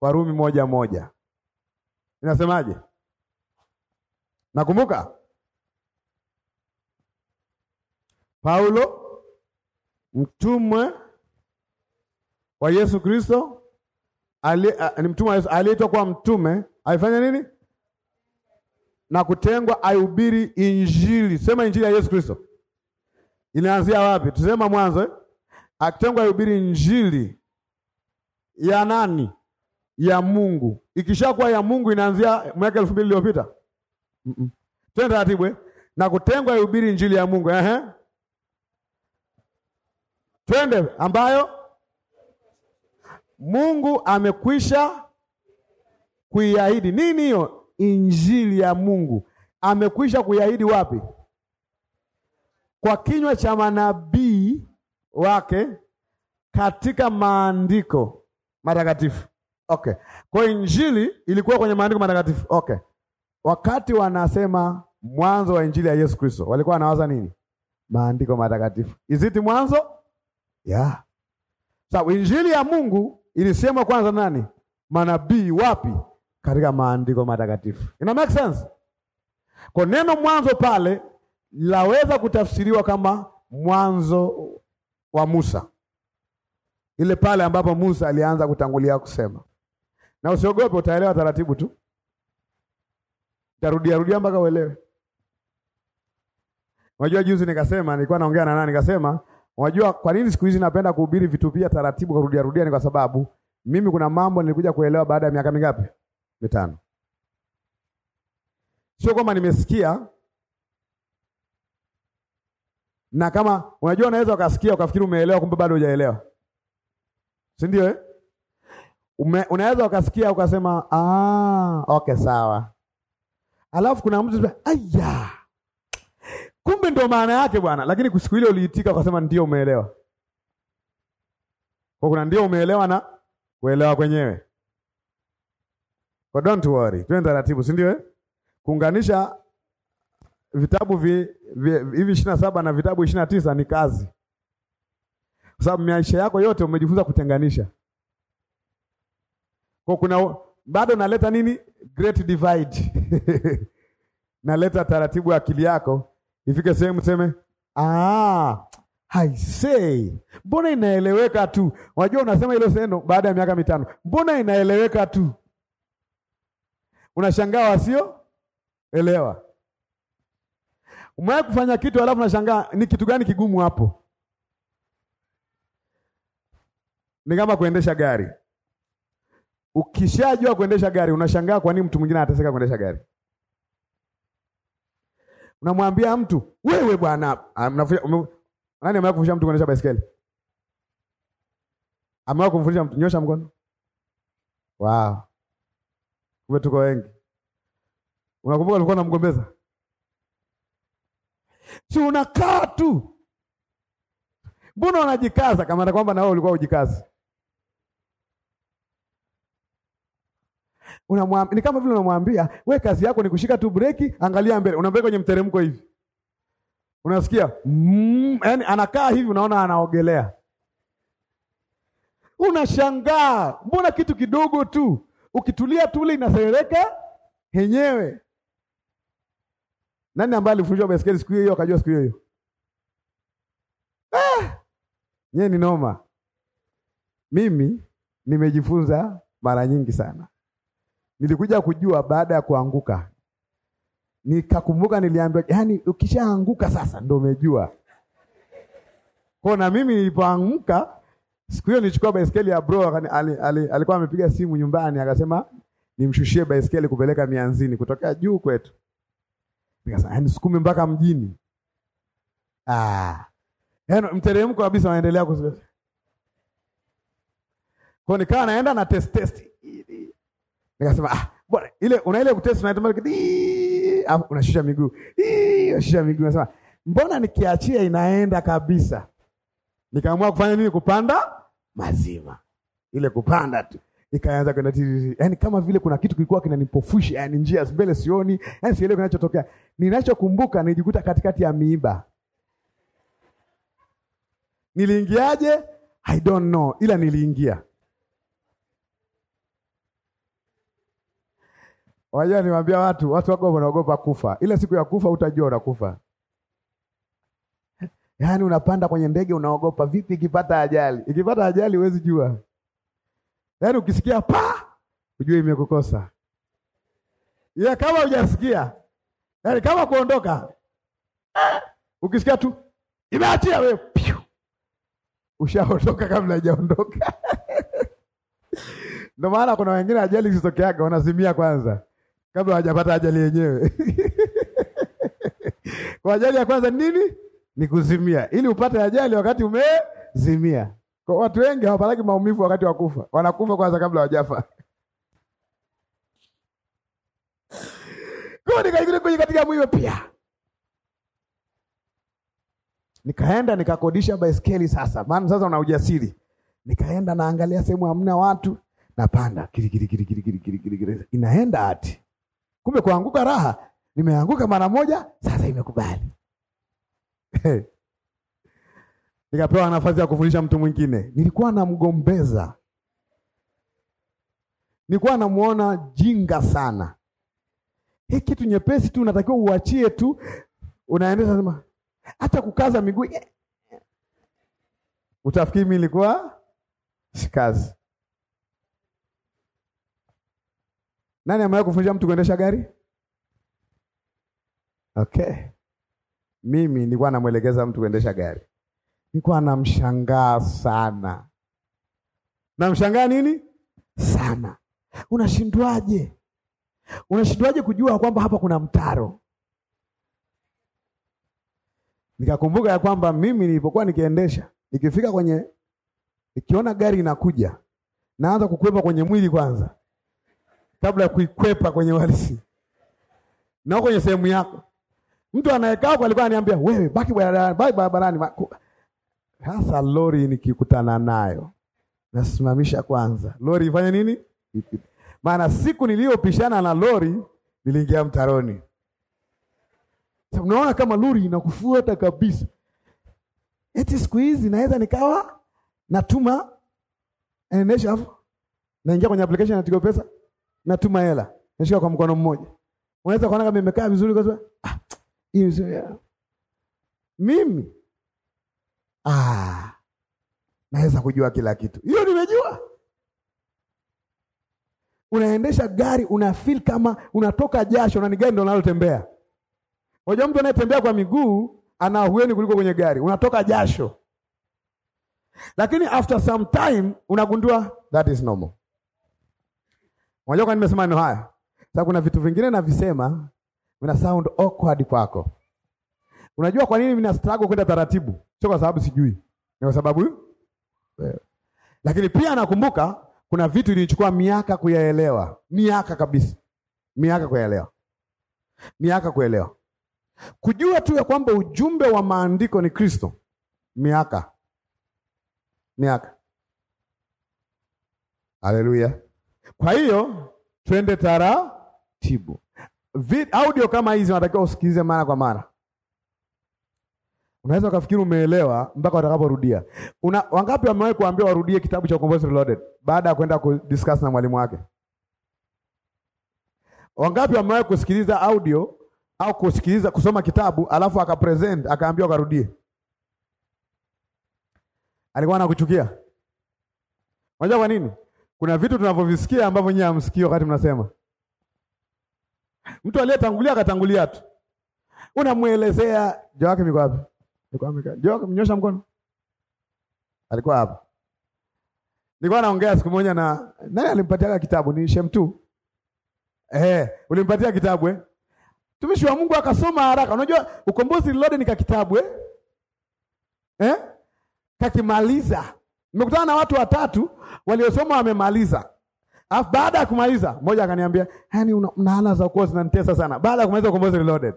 Warumi moja moja inasemaje? Nakumbuka Paulo mtumwe wa Yesu Kristo ni mtumwa wa Yesu aliyeitwa kuwa mtume, alifanya nini na kutengwa aihubiri injili. Sema injili ya Yesu Kristo inaanzia wapi? Tusema mwanzo eh? Akitengwa aihubiri injili ya nani? ya Mungu. Ikishakuwa ya Mungu inaanzia mwaka elfu mbili iliyopita. Mm -mm. Twende taratibu eh? Na kutengwa ihubiri injili ya Mungu. Ehe. Twende ambayo Mungu amekwisha kuiahidi. Nini hiyo? Injili ya Mungu. Amekwisha kuiahidi wapi? Kwa kinywa cha manabii wake katika maandiko matakatifu. Okay. Kwa injili ilikuwa kwenye maandiko matakatifu. Okay. Wakati wanasema mwanzo wa injili ya Yesu Kristo, walikuwa wanawaza nini? Maandiko matakatifu. Is it mwanzo? Yeah. Sasa so, injili ya Mungu ilisemwa kwanza nani? Manabii wapi? Katika maandiko matakatifu. Ina make sense? Kwa neno mwanzo pale laweza kutafsiriwa kama mwanzo wa Musa. Ile pale ambapo Musa alianza kutangulia kusema na usiogope, utaelewa taratibu tu, tarudia rudia mpaka uelewe. Unajua, juzi nikasema, nilikuwa naongea na nani, nikasema unajua kwa nini siku hizi napenda kuhubiri vitu pia taratibu, kurudia rudia, ni kwa sababu mimi kuna mambo nilikuja kuelewa baada ya miaka mingapi? Mitano. Sio kwamba nimesikia na kama unajua, unaweza ukasikia ukafikiri umeelewa, kumbe bado hujaelewa, si ndio eh? unaweza ukasikia ukasema ah, okay sawa. Alafu kuna mtu aya, kumbe ndo maana yake bwana, lakini siku ile uliitika ukasema ndio umeelewa. Kwa kuna ndio umeelewa na kuelewa kwenyewe. But don't worry, twende taratibu, si ndio? Eh? Kuunganisha vitabu hivi vi, ishirini na saba na vitabu ishirini na tisa ni kazi, kwa sababu maisha yako yote umejifunza kutenganisha. Kwa kuna bado naleta nini? Great divide (laughs) naleta taratibu akili yako ifike sehemu seme, ah, I say, mbona inaeleweka tu. Unajua unasema ile seno baada ya miaka mitano, mbona inaeleweka tu, unashangaa wasio elewa. Umewahi kufanya kitu alafu unashangaa ni kitu gani kigumu hapo? Ni kama kuendesha gari Ukishajua kuendesha gari, unashangaa kwa nini mtu mwingine anateseka kuendesha gari. Unamwambia mtu wewe bwana, nani amewahi kufundisha mtu kuendesha baisikeli? Amewahi kumfundisha mtu? Nyosha mkono. Wow, kumbe tuko wengi. Unakumbuka ulikuwa unamgombeza, si unakaa tu, mbona unajikaza? Kama na kwamba na wewe ulikuwa ujikazi Unamwambia ni kama vile unamwambia we, kazi yako ni kushika tu breki, angalia mbele, unampeleka kwenye mteremko hivi, unasikia mm, yani anakaa hivi, unaona anaogelea, unashangaa mbona kitu kidogo tu, ukitulia tule inasereka yenyewe. Nani ambaye alifunjwa baiskeli siku hiyo akajua siku hiyo hiyo? Ah, nye ni noma. Mimi nimejifunza mara nyingi sana. Nilikuja kujua baada ya kuanguka, nikakumbuka niliambiwa, yani ukishaanguka sasa ndio umejua. Kwa na mimi nilipoanguka siku hiyo nilichukua baiskeli ya bro, alikuwa amepiga simu nyumbani, akasema nimshushie baiskeli kupeleka mianzini kutokea juu kwetu. Nikasema yani sukume mpaka mjini. Ah, Yani mteremko kabisa unaendelea. Kwa nikawa naenda na test test Nikasema ah, bwana ile una ile kutest unaitamba unashusha miguu. Unashusha miguu unasema, mbona nikiachia inaenda kabisa? Nikaamua kufanya nini? Kupanda mazima. Ile kupanda tu. Nikaanza kwenda tizi, yani kama vile kuna kitu kilikuwa kinanipofusha, yani njia mbele sioni, yani sielewi kinachotokea. Ninachokumbuka nilijikuta katikati ya miiba. Niliingiaje? I don't know, ila niliingia. Unajua, niwaambia watu watu wako wanaogopa kufa. Ile siku ya kufa utajua unakufa. Yaani unapanda kwenye ndege unaogopa vipi ikipata ajali? Ikipata ajali huwezi jua. Yaani ukisikia pa ujue imekukosa. Ya kama hujasikia. Yaani kama kuondoka. Ukisikia tu imeachia wewe. Ushaondoka kabla hajaondoka. (laughs) Ndio maana kuna wengine ajali zitokeaga wanazimia kwanza kabla hawajapata ajali yenyewe. (laughs) Kwa ajali ya kwanza nini? Ni kuzimia, ili upate ajali wakati umezimia. Kwa watu wengi hawapataki maumivu wakati wa kufa, wanakufa kwanza kabla hawajafa. Nikaingia katika mwili pia, nikaenda nikakodisha baiskeli. Sasa maana sasa una ujasiri, nikaenda naangalia sehemu hamna watu, napanda kiri kiri kiri kiri kiri kiri kiri, inaenda hati Kumbe kuanguka raha, nimeanguka mara moja, sasa imekubali. (laughs) Nikapewa nafasi ya kufundisha mtu mwingine, nilikuwa namgombeza, nilikuwa namuona jinga sana. Hii kitu nyepesi tu, unatakiwa uachie tu, unaendesha sema, hata kukaza miguu, (laughs) utafikiri mimi nilikuwa shikazi Nani amewahi kufundisha mtu kuendesha gari? Okay. Mimi nilikuwa namwelekeza mtu kuendesha gari, nilikuwa namshangaa sana. Namshangaa nini sana? Unashindwaje? Unashindwaje kujua kwamba hapa kuna mtaro? Nikakumbuka ya kwamba mimi nilipokuwa nikiendesha, nikifika kwenye, nikiona gari inakuja, naanza kukwepa kwenye mwili kwanza kabla ya kuikwepa kwenye walisi na kwenye sehemu yako. Mtu anayekaa kwa alikuwa ananiambia wewe, baki barabarani, baki barabarani. Hasa lori nikikutana nayo nasimamisha kwanza, lori ifanye nini? Maana siku niliyopishana na lori niliingia mtaroni. Sasa unaona kama lori inakufuata kabisa. Eti siku hizi naweza nikawa natuma eh, naingia kwenye application na Tigo Pesa natuma hela, nashika kwa mkono mmoja. Unaweza kuona kama imekaa vizuri kwa sababu ah, yeah. Mimi ah, naweza kujua kila kitu. Hiyo nimejua. Unaendesha gari una feel kama unatoka jasho na ni gari ndio unalotembea. Unajua mtu anayetembea kwa miguu ana ahueni kuliko kwenye gari. Unatoka jasho. Lakini after some time unagundua that is normal. Unajua kwa nini nimesema neno haya? Sasa kuna vitu vingine navisema vina sound awkward kwako. Unajua kwa nini mina struggle kwenda taratibu? Sio kwa sababu sijui. Ni kwa sababu wewe. Lakini pia nakumbuka kuna vitu ilichukua miaka kuyaelewa. Miaka kabisa. Miaka kuyaelewa. Miaka kuelewa. Kujua tu ya kwamba ujumbe wa maandiko ni Kristo. Miaka. Miaka. Hallelujah. Kwa hiyo twende taratibu. Audio kama hizi unatakiwa usikilize mara kwa mara. Unaweza ukafikiri umeelewa mpaka watakaporudia. Una wangapi wamewahi kuambia warudie kitabu cha Ukombozi Reloaded baada ya kwenda kudiscuss na mwalimu wake? Wangapi wamewahi kusikiliza audio au kusikiliza kusoma kitabu alafu akapresent akaambiwa karudie? Alikuwa anakuchukia. Unajua kwa nini? Kuna vitu tunavyovisikia ambavyo nyinyi hamsikii wakati mnasema. Mtu aliyetangulia akatangulia tu. Unamuelezea jua yake miko wapi? Niko Amerika. mnyosha mkono. Alikuwa hapa. Nilikuwa naongea siku moja na nani alimpatia kitabu ni Shem tu. Eh, ulimpatia kitabu eh? Tumishi wa Mungu akasoma haraka. Unajua ukombozi lilode ni ka kitabu eh? Eh? Kakimaliza. Nimekutana na watu watatu waliosoma wamemaliza, alafu baada ya kumaliza mmoja akaniambia, yaani unaana za ukozi zinanitesa sana. Baada ya kumaliza Ukombozi Reloaded,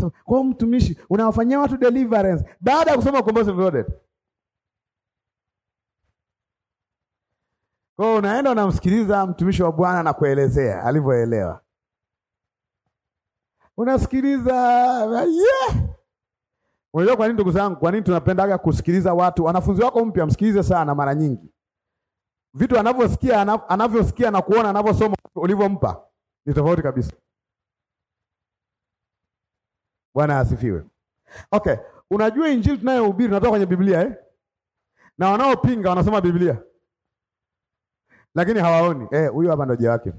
so, kwa mtumishi unawafanyia watu deliverance baada ya kusoma Ukombozi Reloaded. Kwa hiyo unaenda unamsikiliza mtumishi wa Bwana na kuelezea alivyoelewa, unasikiliza yeah! Unajua kwa nini ndugu zangu, kwa nini tunapendaga kusikiliza watu? Wanafunzi wako mpya msikilize sana mara nyingi. Vitu anavyosikia anavyosikia na kuona anavyosoma ulivyompa ni tofauti kabisa. Bwana asifiwe. Okay, unajua injili tunayohubiri tunatoka kwenye Biblia eh? Na wanaopinga wanasoma Biblia. Lakini hawaoni. Eh, huyu hapa ndio wake.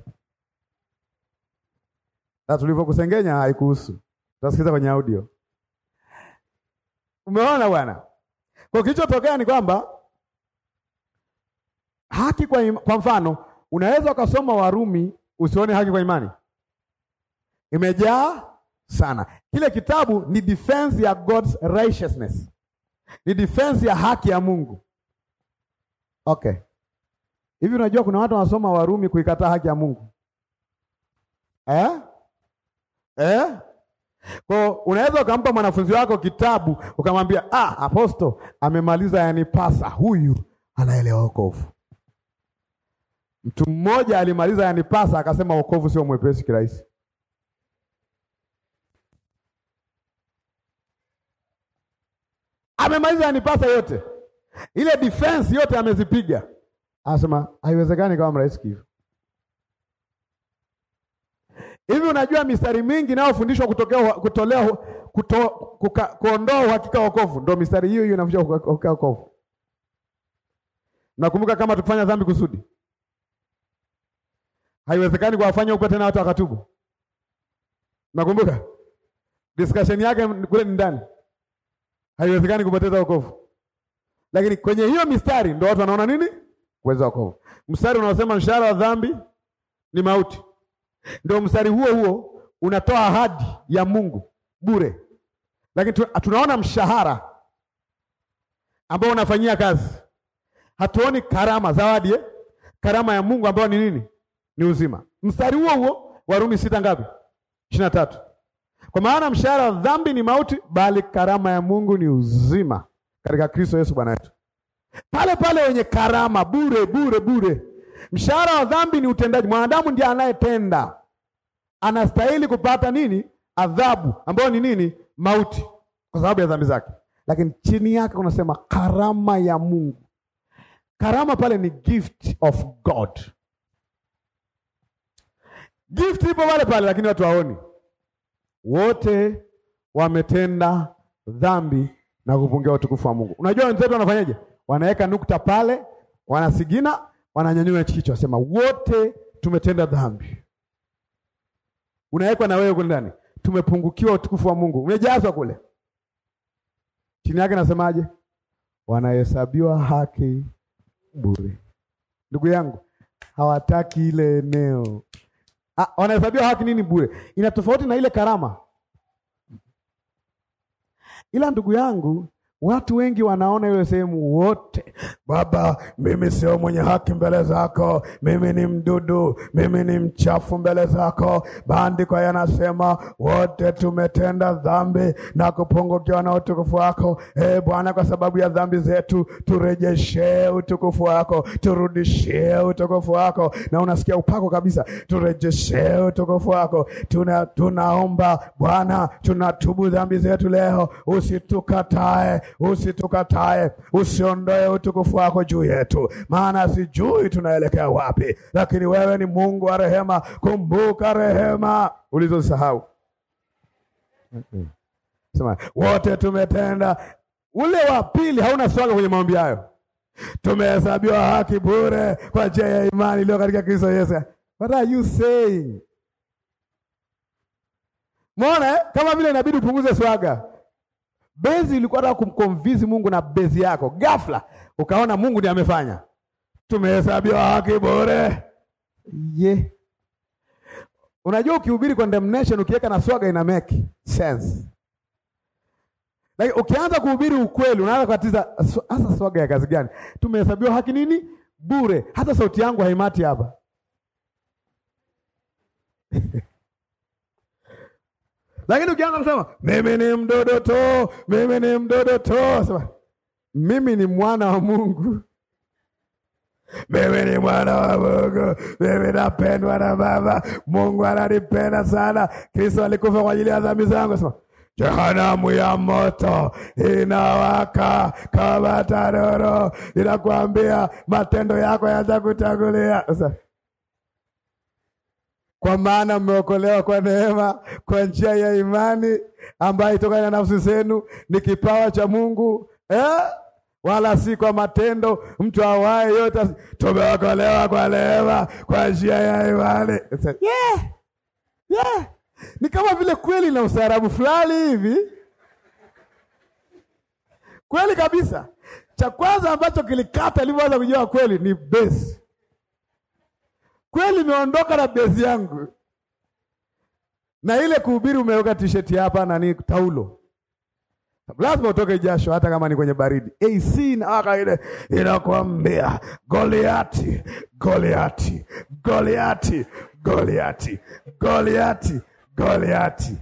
Na tulivyokusengenya haikuhusu. Tutasikiza kwenye audio. Umeona bwana? Kwa kilichotokea ni kwamba haki kwa, ima, kwa mfano unaweza ukasoma Warumi usione haki kwa imani imejaa sana. Kile kitabu ni defense ya God's righteousness, ni defense ya haki ya Mungu. Okay, hivi unajua kuna watu wanasoma Warumi kuikataa haki ya Mungu eh? Eh? Kwa unaweza ukampa mwanafunzi wako kitabu ukamwambia, ah, aposto amemaliza yanipasa, huyu anaelewa wokovu. Mtu mmoja alimaliza yanipasa akasema wokovu sio mwepesi kirahisi. Amemaliza yanipasa yote, ile defense yote amezipiga, anasema haiwezekani kama mrahisi hivyo. Hivi unajua mistari mingi inayofundishwa kutokea kutolea kuto, kuka, kuondoa uhakika wa wokovu ndio mistari hiyo hiyo inafundisha uhakika wa wokovu. Nakumbuka kama tukifanya dhambi kusudi. Haiwezekani kuwafanya upate na watu wakatubu. Nakumbuka discussion yake kule ndani. Haiwezekani kupoteza wokovu. Lakini kwenye hiyo mistari ndio watu wanaona nini? Kuweza wokovu. Mstari unaosema mshahara wa dhambi ni mauti. Ndio mstari huo huo unatoa ahadi ya Mungu bure, lakini tunaona mshahara ambao unafanyia kazi, hatuoni karama, zawadi eh? Karama ya Mungu ambayo ni nini? Ni uzima. Mstari huo huo Warumi sita ngapi? ishirini na tatu. Kwa maana mshahara wa dhambi ni mauti, bali karama ya Mungu ni uzima katika Kristo Yesu Bwana wetu. Pale pale wenye karama bure bure bure Mshahara wa dhambi ni utendaji. Mwanadamu ndiye anayetenda, anastahili kupata nini? Adhabu ambayo ni nini? Mauti, kwa sababu ya dhambi zake. Lakini chini yake kunasema karama ya Mungu. Karama pale ni gift of God. Gift ipo pale pale, lakini watu waoni. Wote wametenda dhambi na kupungia utukufu wa Mungu. Unajua wenzetu wanafanyaje? Wanaweka nukta pale, wanasigina wananyanyua kichwa, wasema wote tumetenda dhambi. Unawekwa na wewe kule ndani, tumepungukiwa utukufu wa Mungu, umejazwa kule chini yake. Nasemaje? wanahesabiwa haki bure. Ndugu yangu, hawataki ile eneo. Ah, wanahesabiwa haki nini bure? Ina tofauti na ile karama. Ila ndugu yangu, Watu wengi wanaona ile sehemu wote. Baba, mimi sio mwenye haki mbele zako, mimi ni mdudu, mimi ni mchafu mbele zako. Maandiko yanasema wote tumetenda dhambi na kupungukiwa na utukufu wako. E Bwana, kwa sababu ya dhambi zetu turejeshee utukufu wako, turudishie utukufu wako. Na unasikia upako kabisa, turejeshee utukufu wako. Tuna, tunaomba Bwana, tunatubu dhambi zetu leo, usitukatae usitukatae, usiondoe utukufu wako juu yetu, maana sijui tunaelekea wapi, lakini wewe ni Mungu wa rehema. Kumbuka rehema ulizosahau. Sema wote tumetenda. Ule wa pili hauna swaga kwenye maombi hayo. Tumehesabiwa haki bure kwa njia ya imani iliyo katika Kristo Yesu. What are you saying? Mwona kama vile inabidi upunguze swaga Bezi ilikuwa nataka kumkonvince Mungu na bezi yako, ghafla ukaona Mungu ndiye amefanya, tumehesabiwa haki bure ye yeah. Unajua, ukihubiri condemnation ukiweka na swaga ina make sense, lakini ukianza kuhubiri ukweli unaanza kukatiza. Hasa swaga ya kazi gani? Tumehesabiwa haki nini bure, hata sauti yangu haimati hapa (laughs) Lakini ukianza kusema mimi ni mdodo to, mimi ni mdodo to, sema mimi ni mwana wa Mungu, mimi ni mwana wa Mungu, mimi napendwa na Baba, Mungu ananipenda sana, Kristo alikufa kwa ajili ya dhambi zangu. Sema jehanamu ya moto inawaka kama taroro, inakwambia matendo yako yatakutangulia. Kwa maana mmeokolewa kwa neema, kwa njia ya imani ambayo itoka na nafsi zenu, ni kipawa cha Mungu eh? wala si kwa matendo, mtu awaye yote. Tumeokolewa kwa neema, kwa njia ya imani yeah. Yeah. Ni kama vile kweli na ustaarabu fulani hivi, kweli kabisa. Cha kwanza ambacho kilikata ilivyoanza kujua kweli ni base kweli imeondoka na bezi yangu na ile kuhubiri umeweka t-shirt hapa na ni taulo, lazima utoke jasho, hata kama ni kwenye baridi. AC inawaka ile inakwambia Goliati, Goliati, Goliati, Goliati, Goliati, Goliati.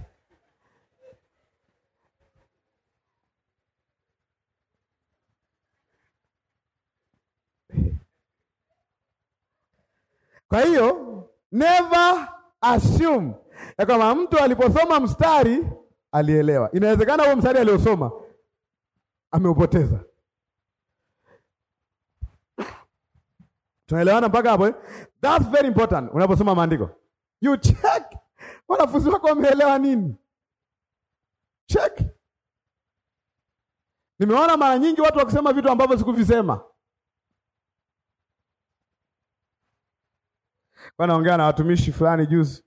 Kwa hiyo never assume ya kwamba mtu aliposoma mstari alielewa. Inawezekana huo mstari aliosoma ameupoteza. Tunaelewana mpaka hapo eh? That's very important. Unaposoma maandiko you check wanafunzi wako wameelewa nini. Check. Nimeona mara nyingi watu wakisema vitu ambavyo sikuvisema wanaongea na watumishi fulani juzi,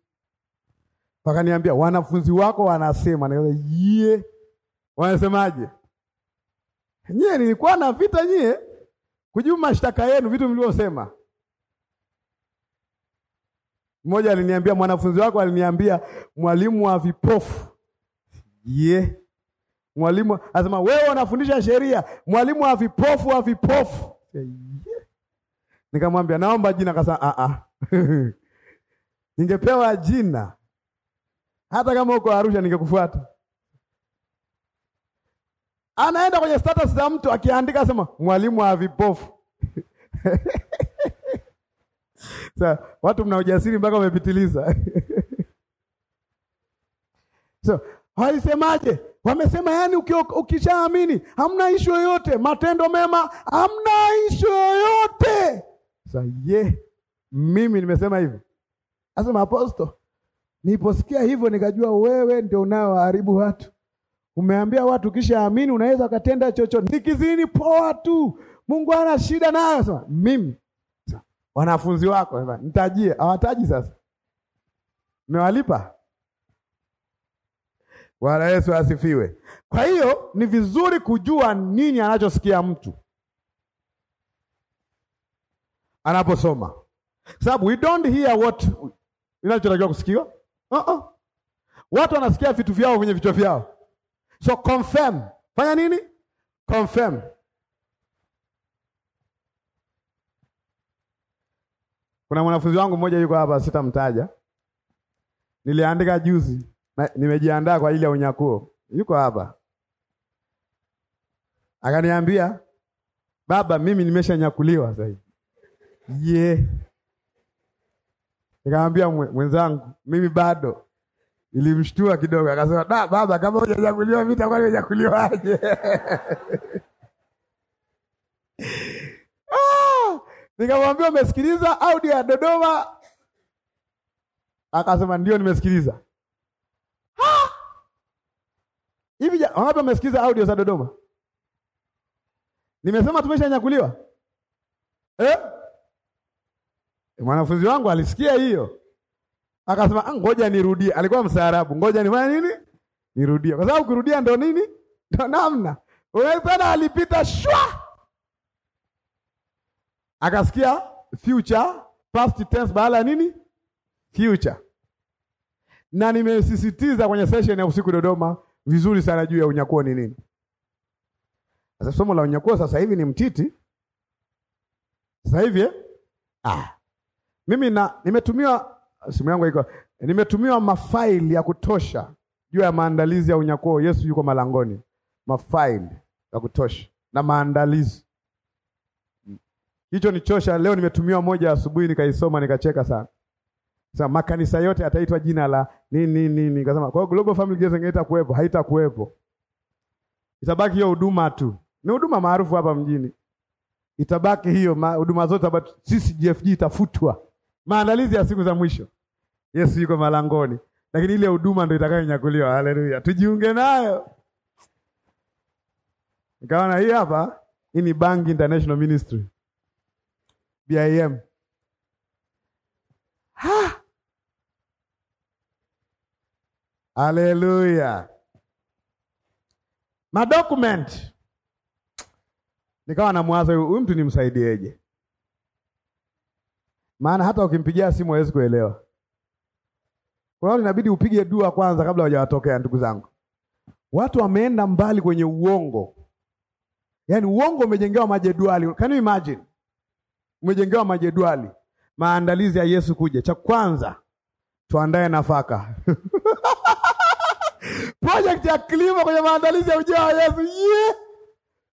wakaniambia wanafunzi wako wanasema na yeye, wanasemaje? Nyie nilikuwa na vita nyie kujibu mashtaka yenu, vitu mlivyosema. Mmoja aliniambia, mwanafunzi wako aliniambia, mwalimu wa vipofu ye yeah. Mwalimu anasema wewe unafundisha sheria, mwalimu wa vipofu wa vipofu yeah. Nikamwambia naomba jina, kasema a ah, a ah. (laughs) ningepewa jina, hata kama uko Arusha ningekufuata. Anaenda kwenye status za mtu akiandika, sema mwalimu wa vipofu (laughs) Sa, watu mna ujasiri mpaka wamepitiliza. (laughs) So, walisemaje? Wamesema yani ukishaamini hamna ishu yoyote, matendo mema hamna ishu yoyote. Sa, yeah. Mimi nimesema hivyo. Asema aposto, niliposikia hivyo nikajua wewe ndio unaoharibu watu. Umeambia watu kisha amini, unaweza ukatenda chochote. Nikizini poa tu, Mungu ana shida nayo. sasa. mimi wanafunzi wako sasa nitajie, hawataji sasa. Mmewalipa Bwana Yesu asifiwe. Kwa hiyo ni vizuri kujua nini anachosikia mtu anaposoma sababu we don't hear what inachotakiwa kusikiwa. uh -uh. Watu wanasikia vitu vyao kwenye vichwa vyao, so confirm. Fanya nini? Confirm. Kuna mwanafunzi wangu mmoja yuko hapa, sitamtaja. Niliandika juzi nimejiandaa kwa ajili ya unyakuo, yuko hapa, akaniambia baba, mimi nimeshanyakuliwa sasa hivi. Yeah. Nikamwambia mwenzangu mimi bado. Ilimshtua kidogo, akasema da, baba, kama hujajakuliwa vita, kwani hujakuliwaje? (laughs) Ah, nikamwambia umesikiliza audio ya Dodoma? Akasema ndio, nimesikiliza. Hivi wangapi wamesikiliza audio za Dodoma? Nimesema tumeshanyakuliwa eh? Mwanafunzi wangu alisikia hiyo akasema, ah, ngoja nirudie. Alikuwa msaarabu, ngoja nifanye nini? Nirudie, kwa sababu kurudia ndo nini, ndo namna tena. Alipita shwa, akasikia future past tense baada ya nini future. Na nimesisitiza kwenye session ya usiku Dodoma vizuri sana juu ya unyakuo ni nini. Sasa somo la unyakuo sasa hivi ni mtiti sasa hivi eh? Ah. Mimi na nimetumiwa simu yangu iko, nimetumiwa mafaili ya kutosha juu ya maandalizi ya unyakuo. Yesu yuko malangoni, mafaili ya kutosha na maandalizi. Hicho ni chosha. Leo nimetumiwa moja asubuhi, nikaisoma nikacheka sana. Sasa makanisa yote yataitwa jina la nini nini nini, kasema. Kwa hiyo Global Family Gathering haitakuwepo, haitakuwepo, itabaki hiyo huduma tu. Ni huduma maarufu hapa mjini, itabaki hiyo huduma zote. Sisi GFG itafutwa maandalizi ya siku za mwisho. Yesu yuko malangoni, lakini ile huduma ndio itakayonyakuliwa. Haleluya, tujiunge nayo. Nikaona hii hapa, hii ni Bank International Ministry BIM. Ha! Haleluya. Madokumenti. Nikawa na mwazo huyu mtu nimsaidieje? maana hata ukimpigia simu hawezi kuelewa. Kwa hiyo inabidi upige dua kwanza kabla hawajawatokea. Ndugu zangu, watu wameenda mbali kwenye uongo, yaani uongo umejengewa majedwali. Can you imagine? Umejengewa majedwali. Maandalizi ya Yesu kuja, cha kwanza tuandae nafaka (laughs) project ya kilimo kwenye maandalizi ya ujao wa Yesu. Yeah!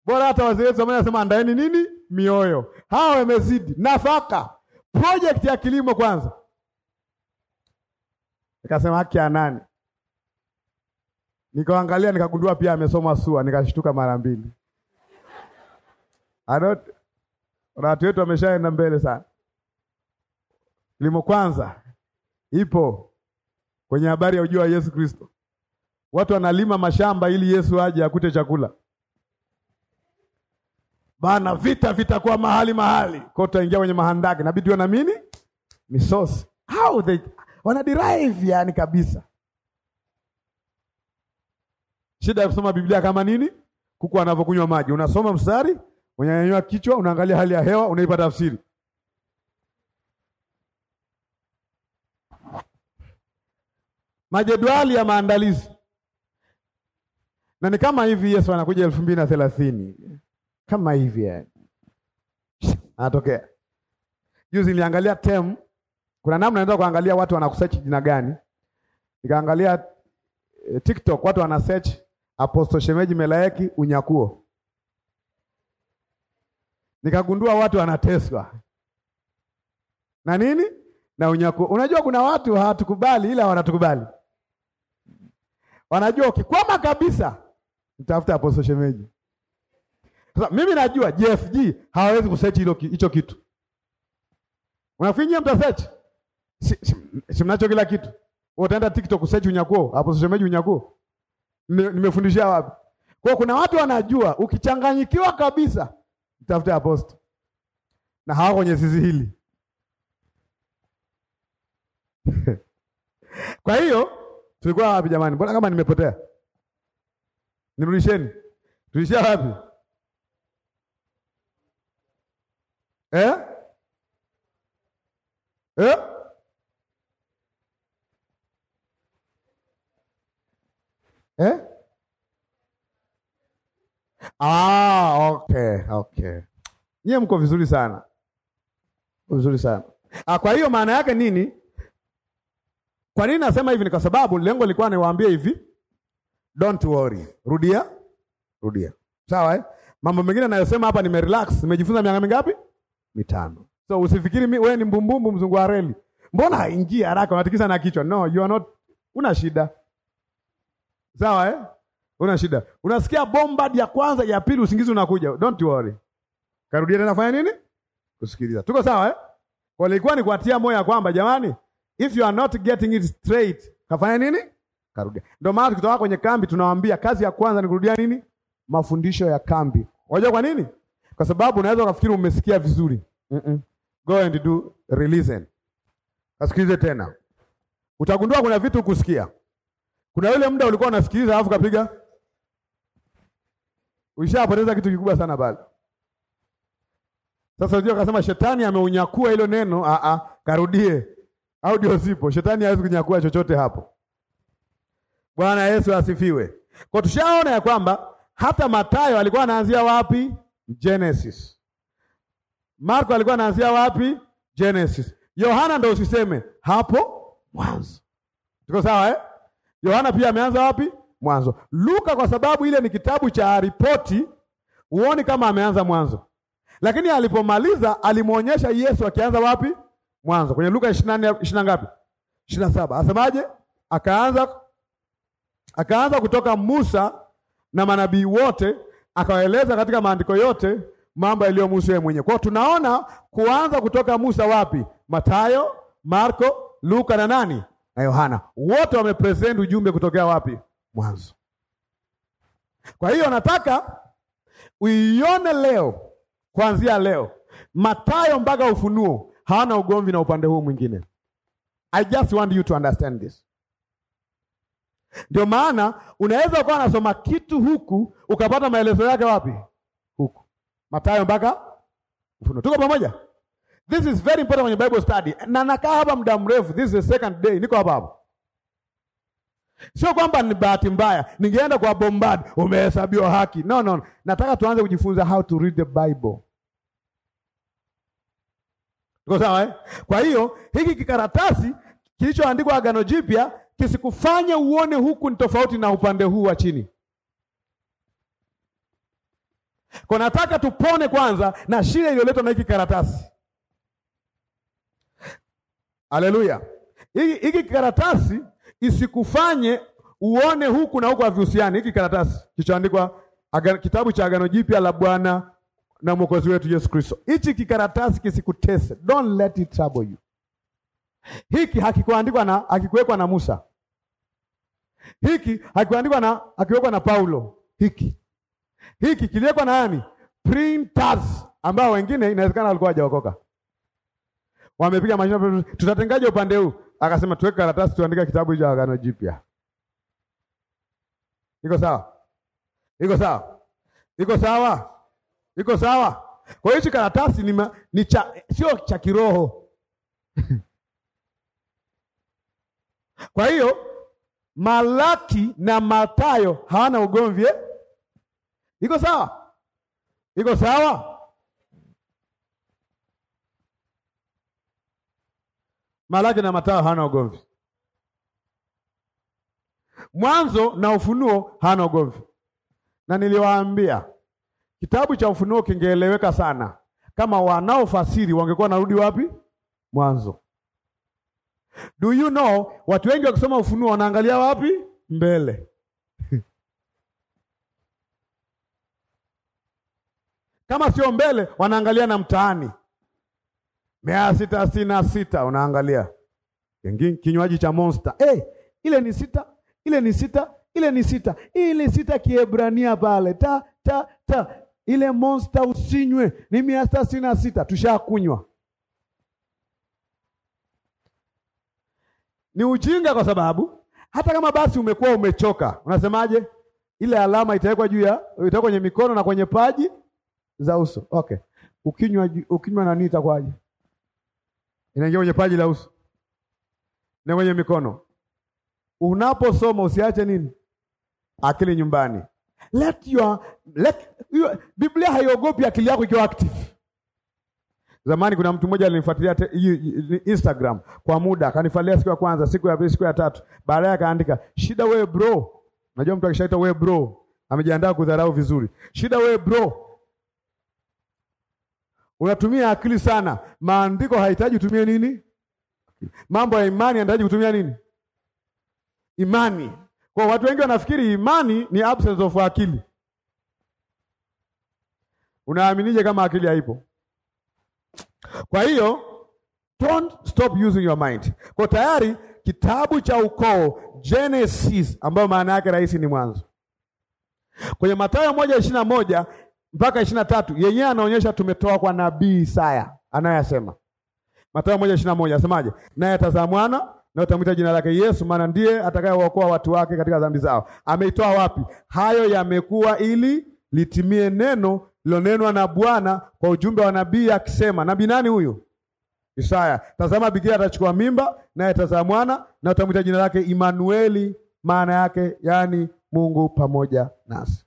Bora hata wazee wetu wanasema andaeni nini? Mioyo. Hawa wamezidi nafaka project ya kilimo kwanza. Nikasema haki ya nani? Nikaangalia nikagundua pia amesoma SUA, nikashtuka mara mbili. Watu wetu wameshaenda mbele sana. Kilimo kwanza ipo kwenye habari ya ujio wa Yesu Kristo. Watu wanalima mashamba ili Yesu aje akute chakula bana, vita vitakuwa mahali mahali, kwa tutaingia kwenye mahandaki, nabidi tuwe na nini, misosi how they wana derive yani kabisa. Shida ya kusoma Biblia kama nini, kuku anavyokunywa maji. Unasoma mstari, unanyanyua kichwa, unaangalia hali ya hewa, unaipa tafsiri. Majedwali ya maandalizi, na ni kama hivi, Yesu anakuja elfu mbili na thelathini kama hivi anatokea. Juzi niliangalia tem, kuna namna naenda kuangalia watu wana kusearch jina gani, nikaangalia eh, TikTok watu wana search Apostle Shemeji Melaeki unyakuo, nikagundua watu wanateswa na nini na unyakuo. Unajua kuna watu hawatukubali ila wanatukubali, wanajua ukikwama kabisa, mtafuta Apostle Shemeji sasa mimi najua JFG hawezi kusearch hilo hicho kitu. Unafinyia mta mtasearch? Si, si, si mnacho kila kitu. Utaenda TikTok kusearch unyakuo, hapo social media unyakuo. Nimefundishia wapi? Kwa kuna watu wanajua, ukichanganyikiwa kabisa, mtafute apostle. Na hawa kwenye zizi hili. (laughs) Kwa hiyo tulikuwa wapi jamani? Mbona kama nimepotea? Nirudisheni. Tulishia wapi? eh? Eh? Eh? Ah, okay, okay. Yeye mko vizuri sana, vizuri sana. Ah, kwa hiyo maana yake nini? Kwa nini nasema hivi? Ni kwa sababu lengo lilikuwa niwaambie hivi, don't worry. Rudia, rudia, sawa eh? Mambo mengine anayosema hapa nime relax. Nimejifunza miaka mingapi? mitano. So usifikiri mimi wewe ni mbumbumbu mzungu wa reli. Mbona haingii haraka unatikisa na kichwa? No, you are not una shida. Sawa eh? Una shida. Unasikia bombard ya kwanza, ya pili usingizi unakuja. Don't worry. Karudia tena fanya nini? Kusikiliza. Tuko sawa eh? Kwa ilikuwa ni kuatia moyo kwamba jamani, if you are not getting it straight, kafanya nini? Karudia. Ndio maana tukitoka kwenye kambi tunawaambia kazi ya kwanza ni kurudia nini? Mafundisho ya kambi. Unajua kwa nini? kwa sababu unaweza ukafikiri umesikia vizuri. mm -mm. Go and do re-listen, kasikilize tena, utagundua kuna vitu kusikia. Kuna yule muda ulikuwa unasikiliza alafu kapiga, ushapoteza kitu kikubwa sana pale. Sasa unajua, akasema shetani ameunyakua hilo neno. A a, karudie audio zipo. Shetani hawezi kunyakua chochote hapo. Bwana Yesu asifiwe. Kwa tushaona ya kwamba hata Mathayo alikuwa anaanzia wapi? Genesis. Marko alikuwa anaanzia wapi? Genesis. Yohana ndo usiseme hapo mwanzo. Tuko sawa eh? Yohana pia ameanza wapi? Mwanzo. Luka kwa sababu ile ni kitabu cha ripoti, huoni kama ameanza mwanzo. Lakini alipomaliza alimwonyesha Yesu akianza wapi? Mwanzo. Kwenye Luka 24 20 ngapi? 27. Asemaje? Akaanza akaanza kutoka Musa na manabii wote akawaeleza katika maandiko yote mambo yaliyomhusu yeye mwenyewe. Kwa tunaona kuanza kutoka Musa wapi? matayo Marko, Luka na nani na Yohana, wote wamepresent ujumbe kutokea wapi? Mwanzo. Kwa hiyo nataka uione leo, kuanzia leo matayo mpaka Ufunuo hawana ugomvi na upande huu mwingine. I just want you to understand this. Ndio maana unaweza ukawa unasoma kitu huku ukapata maelezo yake wapi? Huku Mathayo mpaka Ufunuo. Tuko pamoja? This is very important kwenye Bible study, na nakaa hapa muda mrefu. This is the second day niko hapa hapa. Sio kwamba ni bahati mbaya, ningeenda kwa bombard, umehesabiwa haki. No, no, nataka tuanze kujifunza how to read the Bible. Tuko sawa eh? Kwa hiyo hiki kikaratasi kilichoandikwa Agano Jipya kisikufanye uone huku ni tofauti na upande huu wa chini. Kwa nataka tupone kwanza na shida iliyoletwa na hiki karatasi. Haleluya! Hiki karatasi isikufanye uone huku na huku havihusiani. Hiki karatasi kilichoandikwa kitabu cha Agano Jipya la Bwana na Mwokozi wetu Yesu Kristo, hichi kikaratasi kisikutese. Don't let it trouble you. Hiki hakikuandikwa na hakikuwekwa na Musa. Hiki hakiandikwa na akiwekwa na Paulo. Hiki hiki kiliwekwa na nani? Printers ambao wengine inawezekana walikuwa hawajaokoka, wamepiga mashina, tutatengaje upande huu? Akasema tuweke karatasi, tuandike kitabu hicho Agano Jipya. Iko sawa? Iko sawa? Iko sawa? Iko sawa? Kwa hiyo hichi karatasi ni, ma, ni cha, sio cha kiroho. (laughs) Kwa hiyo Malaki na matayo hawana ugomvi eh? Iko sawa? Iko sawa? Malaki na matayo hawana ugomvi. Mwanzo na Ufunuo hawana ugomvi, na niliwaambia kitabu cha Ufunuo kingeeleweka sana kama wanaofasiri wangekuwa narudi wapi? Mwanzo. Do you know, watu wengi wakisoma Ufunuo wanaangalia wapi? Mbele. (laughs) Kama sio mbele, wanaangalia na mtaani. Mia sita sitini na sita unaangalia kinywaji cha Monster. Hey, eh, ile ni sita, ile ni sita, ile ni sita, ile sita Kiebrania pale ta ta ta, ile Monster usinywe, ni mia sita sitini na sita tushakunywa Ni ujinga kwa sababu hata kama basi umekuwa umechoka, unasemaje? Ile alama itawekwa juu ya itawekwa kwenye mikono na kwenye paji za uso. Okay, ukinywa ukinywa nani itakwaje? Inaingia kwenye paji la uso na kwenye mikono. Unaposoma usiache nini? Akili nyumbani. Let your let your, Biblia haiogopi akili yako ikiwa active. Zamani kuna mtu mmoja alinifuatilia Instagram kwa muda, akanifuatilia siku ya kwanza, siku ya pili, siku ya tatu. Baadaye akaandika, "Shida wewe bro." Najua mtu akishaita wewe bro, amejiandaa kudharau vizuri. "Shida wewe bro." Unatumia akili sana. Maandiko hahitaji utumie nini? Mambo ya imani yanahitaji kutumia nini? Imani. Kwa watu wengi wanafikiri imani ni absence of akili. Unaaminije kama akili haipo? Kwa hiyo don't stop using your mind. Kwa tayari kitabu cha ukoo Genesis, ambayo maana yake rahisi ni mwanzo, kwenye Mathayo moja ishirini na moja mpaka ishirini na tatu yenyewe anaonyesha tumetoa kwa nabii Isaya anayasema. Mathayo moja ishirini na moja asemaje? Naye atazaa mwana na utamwita jina lake Yesu, maana ndiye atakayewaokoa watu wake katika dhambi zao. Ameitoa wapi? Hayo yamekuwa ili litimie neno lilonenwa na Bwana kwa ujumbe wa nabii akisema. Nabii nani huyo? Isaya. Tazama, bikira atachukua mimba, naye atazaa mwana, na utamwita jina lake Imanueli, maana yake yaani Mungu pamoja nasi.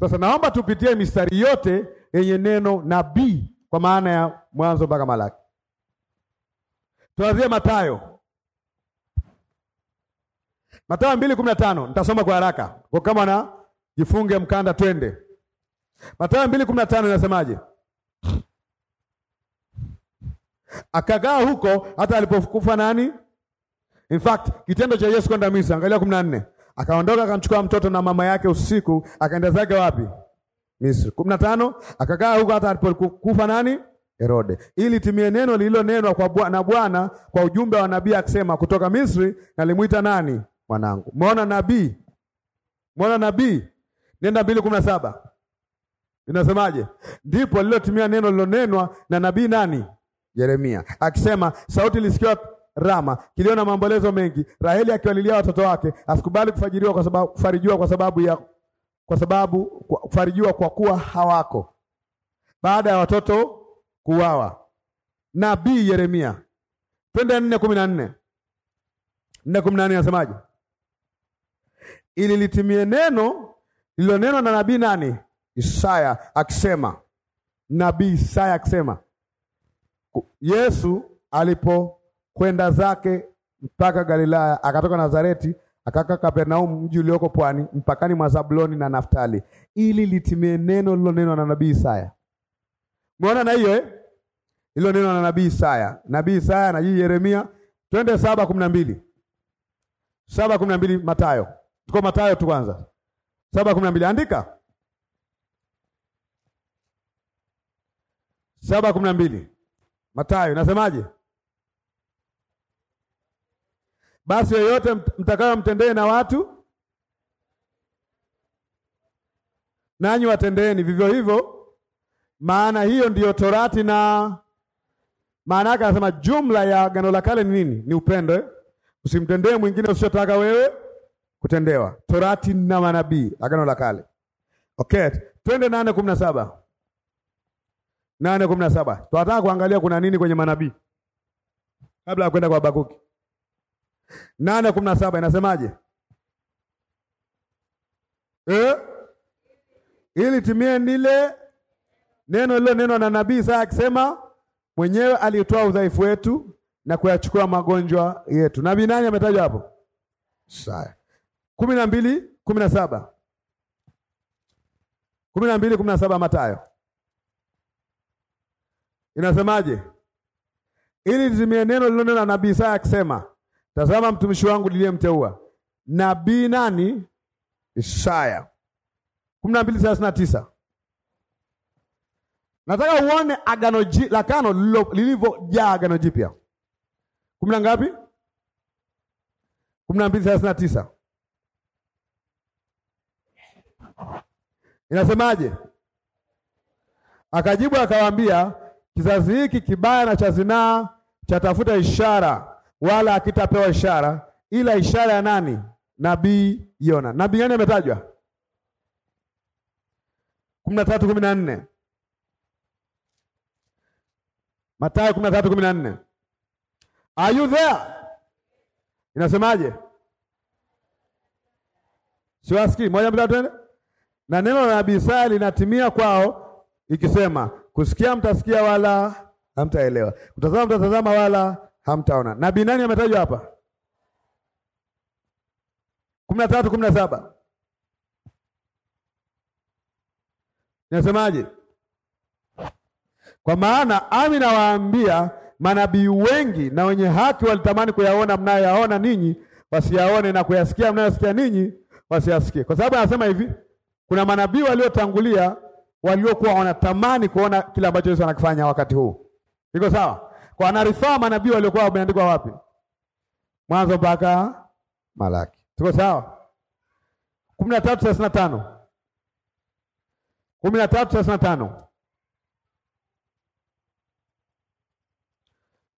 Sasa naomba tupitie mistari yote yenye neno nabii kwa maana ya Mwanzo mpaka Malaki. Tuanzie Mathayo. Mathayo 2:15. Nitasoma kwa haraka kwa kama na jifunge mkanda, twende. Mathayo mbili kumi na tano inasemaje? Akagaa huko hata alipokufa nani? In fact, kitendo cha Yesu kwenda Misri, angalia kumi na nne akaondoka akamchukua mtoto na mama yake usiku, akaenda zake wapi? Misri. kumi na tano akakaa huko hata alipokufa nani? Herode, ili timie neno lililonenwa na Bwana kwa ujumbe wa nabii akisema, kutoka Misri nalimwita nani mwanangu. Muona nabii, muona nabii. Nenda mbili kumi na saba Inasemaje? Ndipo lilotimia neno lilonenwa na nabii nani? Yeremia akisema, sauti ilisikiwa Rama, kilio na maombolezo mengi, Raheli akiwalilia watoto wake, asikubali kufajiriwa kwa sababu, kufarijiwa kwa sababu ya kwa sababu kufarijiwa kwa kuwa hawako, baada ya watoto kuwawa. Nabii Yeremia, twende nne kumi na nne nne kumi na nne nasemaje? Ili litimie neno lilonenwa na nabii nani? Isaya akisema, nabii Isaya akisema Yesu alipokwenda zake mpaka Galilaya, akatoka Nazareti akaka kapernaum mji ulioko pwani mpakani mwa Zabuloni na Naftali, ili litimie neno lilonenwa na nabii Isaya. Umeona na hiyo eh? neno na nabii Isaya, nabii Isaya na jii Yeremia. Twende saba kumi na mbili saba kumi na mbili Matayo, tuko Matayo tu kwanza, saba kumi na mbili andika saba kumi na mbili Mathayo nasemaje? Basi yoyote mtakayo mtendee na watu, nanyi watendeeni vivyo hivyo, maana hiyo ndiyo torati na maana yake anasema jumla ya agano la kale ni nini? Ni upendo eh? Usimtendee mwingine usiotaka wewe kutendewa. Torati na manabii, agano la kale. Okay, twende nane kumi na saba nane kumi na saba tunataka kuangalia kuna nini kwenye manabii kabla ya kwenda kwa Habakuki nane kumi na saba inasemaje? Eh, ili timie lile neno lilo neno na nabii Isaya akisema, mwenyewe alitoa udhaifu wetu na kuyachukua magonjwa yetu. Nabii nani ametajwa hapo? Isaya kumi na mbili kumi na saba kumi na mbili kumi na saba Matayo Inasemaje? Ili litimie neno lililonena na nabii Isaya akisema, tazama mtumishi wangu niliyemteua. Nabii nani? Isaya kumi na mbili thelathini na tisa. Nataka uone agano la kano lilivyojaa agano jipya. kumi na ngapi? kumi na mbili thelathini na tisa inasemaje? Akajibu akawaambia Kizazi hiki kibaya na cha zinaa chatafuta ishara, wala akitapewa ishara ila ishara ya nani? Nabii Yona. Nabii gani ametajwa? kumi na tatu kumi na nne Mathayo kumi na tatu kumi na nne Are you there? Inasemaje? Siwasikii moja mbili tatu, na neno la nabii Isaya linatimia kwao ikisema Kusikia mtasikia wala hamtaelewa, kutazama mtatazama wala hamtaona. Nabii nani ametajwa hapa? kumi na tatu kumi na saba Nasemaje? Kwa maana ami nawaambia manabii wengi na wenye haki walitamani kuyaona mnayoyaona ninyi wasiyaone, na kuyasikia mnayosikia ninyi wasiyasikie. Kwa sababu anasema hivi, kuna manabii waliotangulia waliokuwa wanatamani kuona kile ambacho Yesu anakifanya wakati huu. Iko sawa? Kwa anarifaa manabii waliokuwa wameandikwa wapi? Mwanzo mpaka Malaki. Tuko sawa? kumi na tatu thelathini na tano kumi na tatu thelathini na tano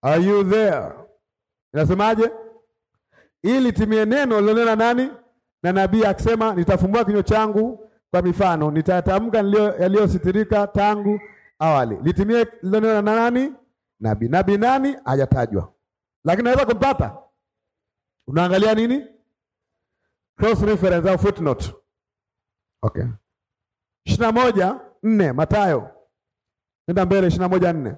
Are you there? Inasemaje? Ili timie neno lilonena nani na nabii akisema, nitafumbua kinywa changu kwa mifano, nitayatamka yaliyositirika tangu awali, litimie lilonena na nani? Nabii. Nabii nani? Hajatajwa, lakini naweza kumpata. Unaangalia nini? Cross reference au footnote. Okay, ishirini na moja nne Matayo, nenda mbele, ishirini na moja nne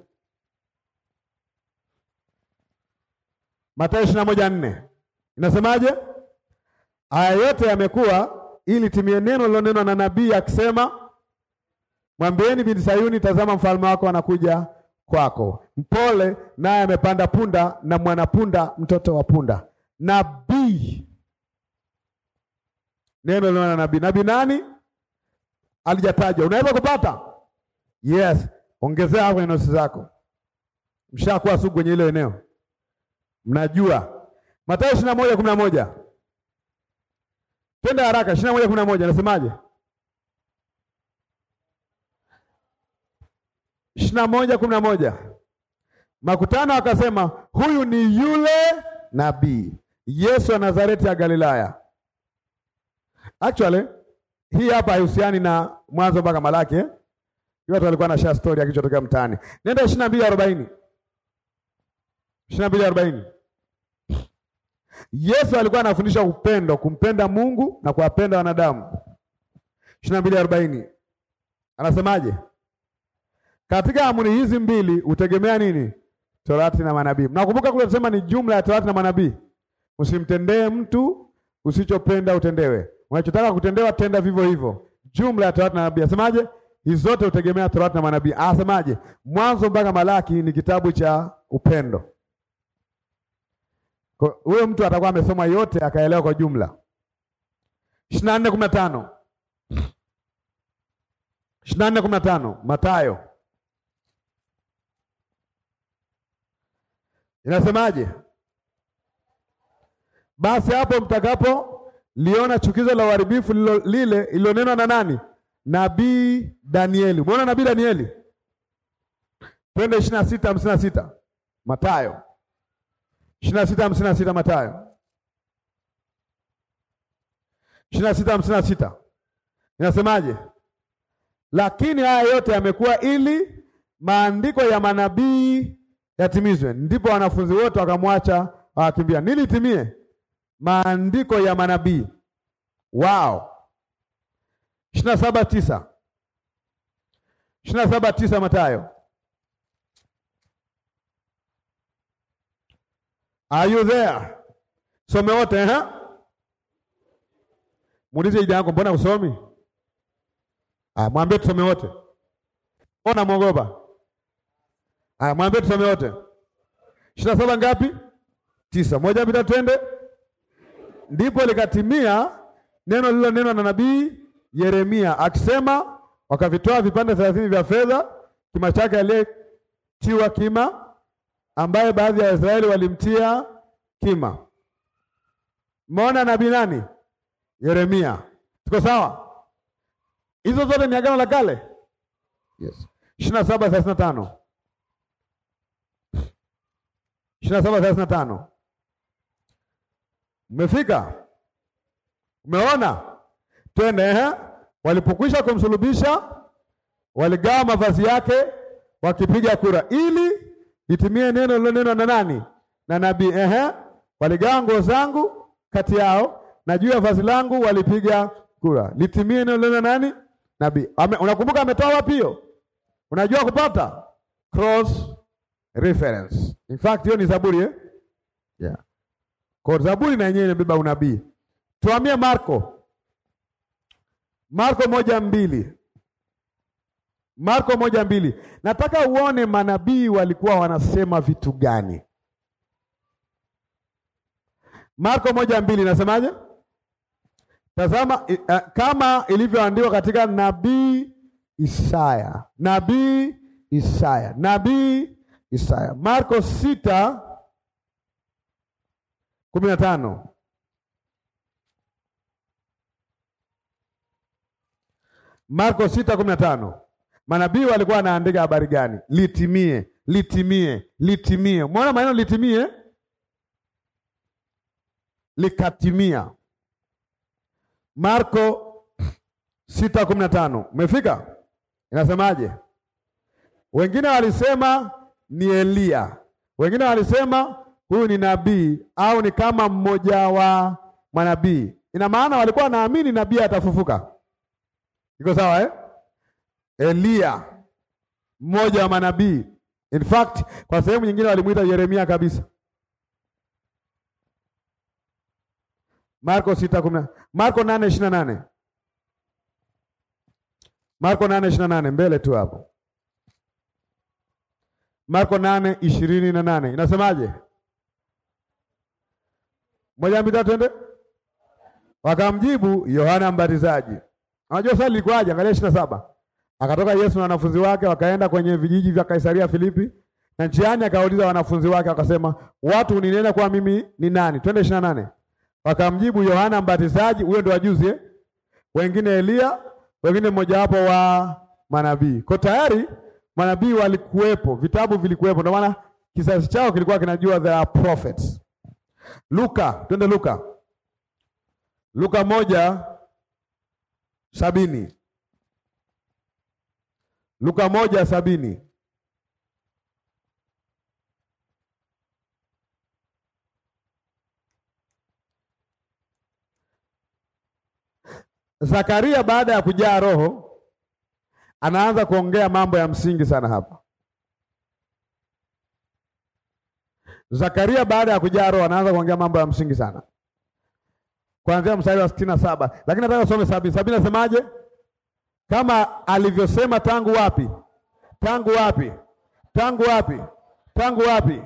Matayo ishirini na moja nne inasemaje? Haya yote yamekuwa ili timie neno lilonenwa na nabii akisema, mwambieni binti Sayuni, tazama mfalme wako anakuja kwako, mpole naye amepanda punda na mwanapunda, mtoto wa punda. Nabii, neno lilonenwa na nabii. Nabii nani? Alijatajwa, unaweza kupata yes. Ongezea hapo kwenye nosi zako, mshakuwa sugu kwenye ile eneo, mnajua Mathayo ishirini na moja kumi na moja Twende haraka ishirini na moja kumi na moja nasemaje? ishirini na moja kumi na moja makutano akasema, huyu ni yule nabii Yesu wa Nazareti ya Galilaya. Actually hii hapa haihusiani na Mwanzo mpaka Malaki eh? Watu walikuwa na share story akichotokea mtaani. Nenda ishirini na mbili arobaini ishirini na mbili arobaini Yesu alikuwa anafundisha upendo, kumpenda Mungu na kuwapenda wanadamu. 22:40 anasemaje? Katika amri hizi mbili utegemea nini? Torati na manabii. Mnakumbuka kule tulisema ni jumla ya Torati na manabii, usimtendee mtu usichopenda utendewe, unachotaka kutendewa tenda vivyo hivyo. Jumla ya Torati na manabii asemaje? Hizi zote utegemea Torati na manabii. Asemaje? Mwanzo mpaka Malaki ni kitabu cha upendo. Huyo mtu atakuwa amesoma yote akaelewa kwa jumla. 24:15. 24:15 nne tano na nne kumi na tano Mathayo inasemaje? Basi hapo mtakapo liona chukizo la uharibifu lile ililonenwa na nani? Nabii Danieli. Umeona nabii Danieli? Twende 26:56 na sita na sita ishirini na sita hamsini na sita Mathayo ishirini na sita hamsini na sita inasemaje? Lakini haya yote yamekuwa ili maandiko ya manabii yatimizwe. Ndipo wanafunzi wote wakamwacha wakakimbia. Nilitimie maandiko ya manabii wao. ishirini na saba tisa ishirini na saba tisa Mathayo Are you there? Some wote eh? Muulize ida yako mbona usomi? Ah, mwambie tusome wote. Mbona mwogopa? Ah, mwambie tusome wote. Ishirini na saba ngapi? Tisa. Moja bila twende. Ndipo likatimia neno lilo neno na nabii Yeremia akisema, wakavitoa vipande thelathini vya fedha, kima chake aliyetiwa kima ambaye baadhi ya Waisraeli walimtia kima. Umeona nabii nani? Yeremia. Tuko sawa? Hizo zote ni agano la kale. Yes. 27:35. 27:35. Umefika? Umeona? Twende eh? Walipokwisha kumsulubisha, waligawa mavazi yake wakipiga kura ili Litimie neno lilonenwa na nani? Na nabii. Ehe, waligawa nguo zangu kati yao na juu ya vazi langu walipiga kura. Litimie neno lilonenwa na nani? Nabii. Unakumbuka ametoa wapi hiyo? Unajua kupata cross reference. In fact hiyo ni Zaburi eh? Yeah. Kwa Zaburi na yenyewe inabeba unabii. Tuhamie Marko. Marko moja mbili. Marko moja mbili. Nataka uone manabii walikuwa wanasema vitu gani. Marko moja mbili nasemaje? Tazama uh, kama ilivyoandikwa katika nabii Isaya, nabii Isaya, nabii Isaya. Marko sita kumi na tano Marko sita kumi na tano Manabii walikuwa wanaandika habari gani? Litimie, litimie, litimie. Umeona maneno litimie, likatimia. Marko 615 umefika, inasemaje? Wengine walisema ni elia wengine walisema huyu ni nabii au ni kama mmoja wa manabii. Ina maana walikuwa wanaamini nabii atafufuka. Iko sawa eh? Eliya mmoja wa manabii. In fact, kwa sehemu nyingine walimwita Yeremia kabisa. Marko 6:10. Marko 8:28. Marko 8:28 mbele tu hapo. Marko 8:28 inasemaje? Moja mbili tatu, twende. Wakamjibu Yohana Mbatizaji. Anajua swali lilikuwaje? Angalia ishirini Akatoka Yesu na wanafunzi wake wakaenda kwenye vijiji vya Kaisaria Filipi, na njiani akawauliza wanafunzi wake akasema, watu ninena kuwa mimi ni nani? Twende ishirini na nane. Wakamjibu, Yohana Mbatizaji, huyo ndo wajuzi, eh? wengine elia wengine mmojawapo wa manabii. Kwa tayari manabii walikuwepo, vitabu vilikuwepo, ndio maana kisasi chao kilikuwa kinajua the prophets. Luka, twende Luka, Luka moja sabini Luka moja sabini. Zakaria baada ya kujaa Roho anaanza kuongea mambo ya msingi sana hapa. Zakaria baada ya kujaa Roho anaanza kuongea mambo ya msingi sana, kuanzia mstari wa sitini na saba, lakini nataka usome sabini. Sabini nasemaje? kama alivyosema tangu wapi? Tangu wapi? Tangu wapi? Tangu wapi?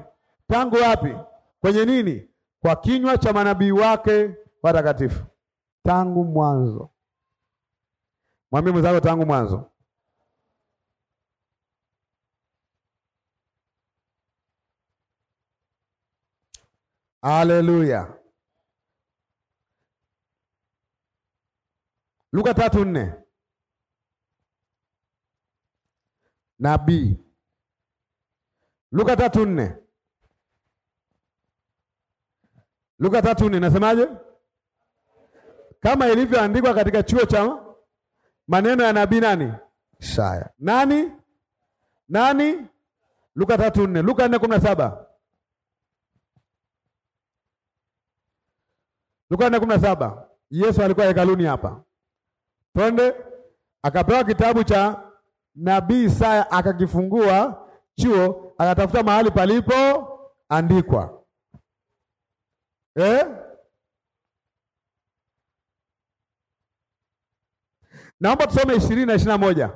Tangu wapi? Kwenye nini? Kwa kinywa cha manabii wake watakatifu, tangu mwanzo. Mwambie mwenzako, tangu mwanzo. Haleluya. Luka tatu nne nabii. Luka tatu nne Luka tatu nne nasemaje? Kama ilivyoandikwa katika chuo cha maneno ya nabii nani? Isaya. Nani? Nani? Luka tatu nne Luka nne kumi na saba Luka nne kumi na saba Yesu alikuwa hekaluni hapa, twende, akapewa kitabu cha nabii Isaya akakifungua chuo, akatafuta mahali andikwa eh? Naomba tusome ishirini na ishirini na moja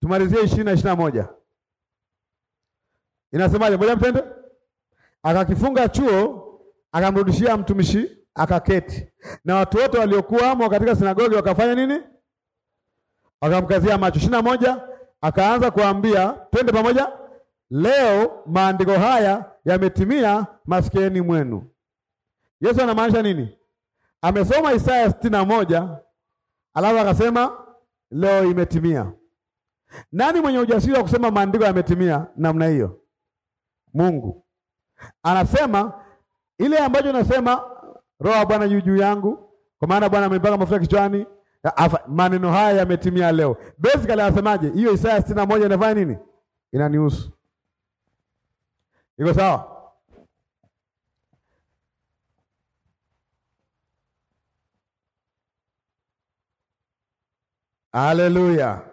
tumalizie ishirini na ishirini na moja Inasemaje? Moja mtende, akakifunga chuo akamrudishia mtumishi akaketi, na watu wote waliokuwamo katika sinagogi wakafanya nini? Akamkazia macho. ishirini na moja akaanza kuambia, twende pamoja, leo maandiko haya yametimia masikieni mwenu. Yesu anamaanisha nini? Amesoma Isaya sitini na moja alafu akasema leo imetimia. Nani mwenye ujasiri wa kusema maandiko yametimia namna hiyo? Mungu anasema ile ambacho nasema, Roho ya Bwana juu juu yangu, kwa maana Bwana amepaka mafuta kichwani maneno haya yametimia leo. Basically anasemaje? Hiyo Isaya 61 moja inafanya nini? Inanihusu. Iko sawa? Hallelujah.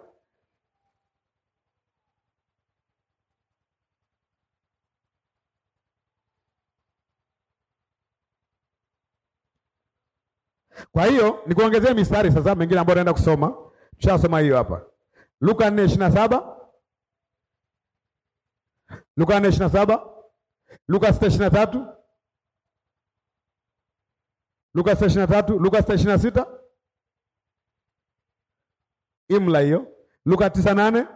Kwa hiyo nikuongezee mistari sasa mengine ambayo naenda kusoma. Tushasoma hiyo hapa. Luka 4:27. Luka 4:27. Luka 6:23. Luka 6:23, Luka 6:26. Imla hiyo. Luka 9:8.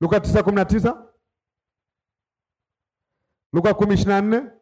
Luka 9:19. Luka 10:24.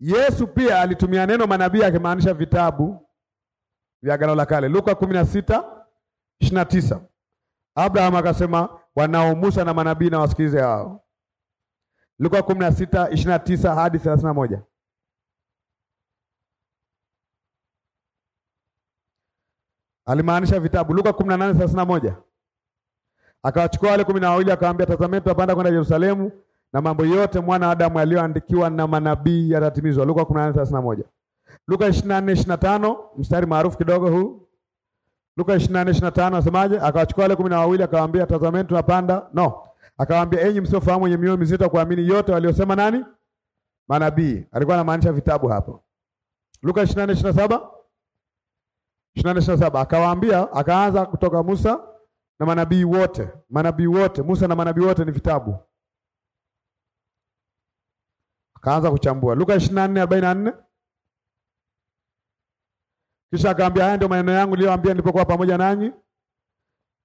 Yesu pia alitumia neno manabii akimaanisha vitabu vya Agano la Kale. Luka 16:29. Abraham akasema wanao Musa na manabii na wasikilize hao. Luka 16:29 hadi 31. Alimaanisha vitabu Luka 18:31. Akawachukua wale kumi na wawili akawaambia, tazameni, tutapanda kwenda Yerusalemu na mambo yote mwana wa Adamu aliyoandikiwa na manabii yatatimizwa. Luka 18:31. Luka 24:25, mstari maarufu kidogo huu. Luka 24:25 nasemaje? Akawachukua wale kumi na wawili akawaambia, tazameni tunapanda. No, akawaambia enyi msiofahamu wenye mioyo mizito kuamini yote waliosema nani? Manabii. Alikuwa anamaanisha vitabu hapo. Luka 24:27. 24:27 akawaambia, akaanza kutoka Musa na manabii wote, manabii wote, Musa na manabii wote ni vitabu Akaanza kuchambua Luka 24:44. Kisha akaambia, haya ndio maneno yangu niliyowaambia nilipokuwa pamoja nanyi,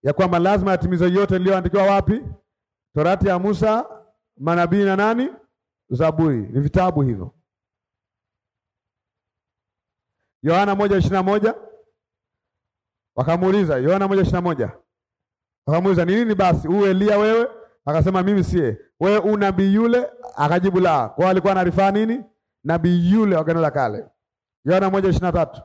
ya kwamba lazima yatimizwe yote niliyoandikiwa wapi? Torati ya Musa, manabii na nani? Zaburi. Ni vitabu hivyo. Yohana 121 wakamuuliza Yohana 1:21. wakamuuliza ni nini basi uwe Elia wewe? Akasema mimi sie, we u nabii yule? Akajibu la. Kwa alikuwa anarifaa nini? Nabii yule wa Agano la Kale. Yohana moja tatu.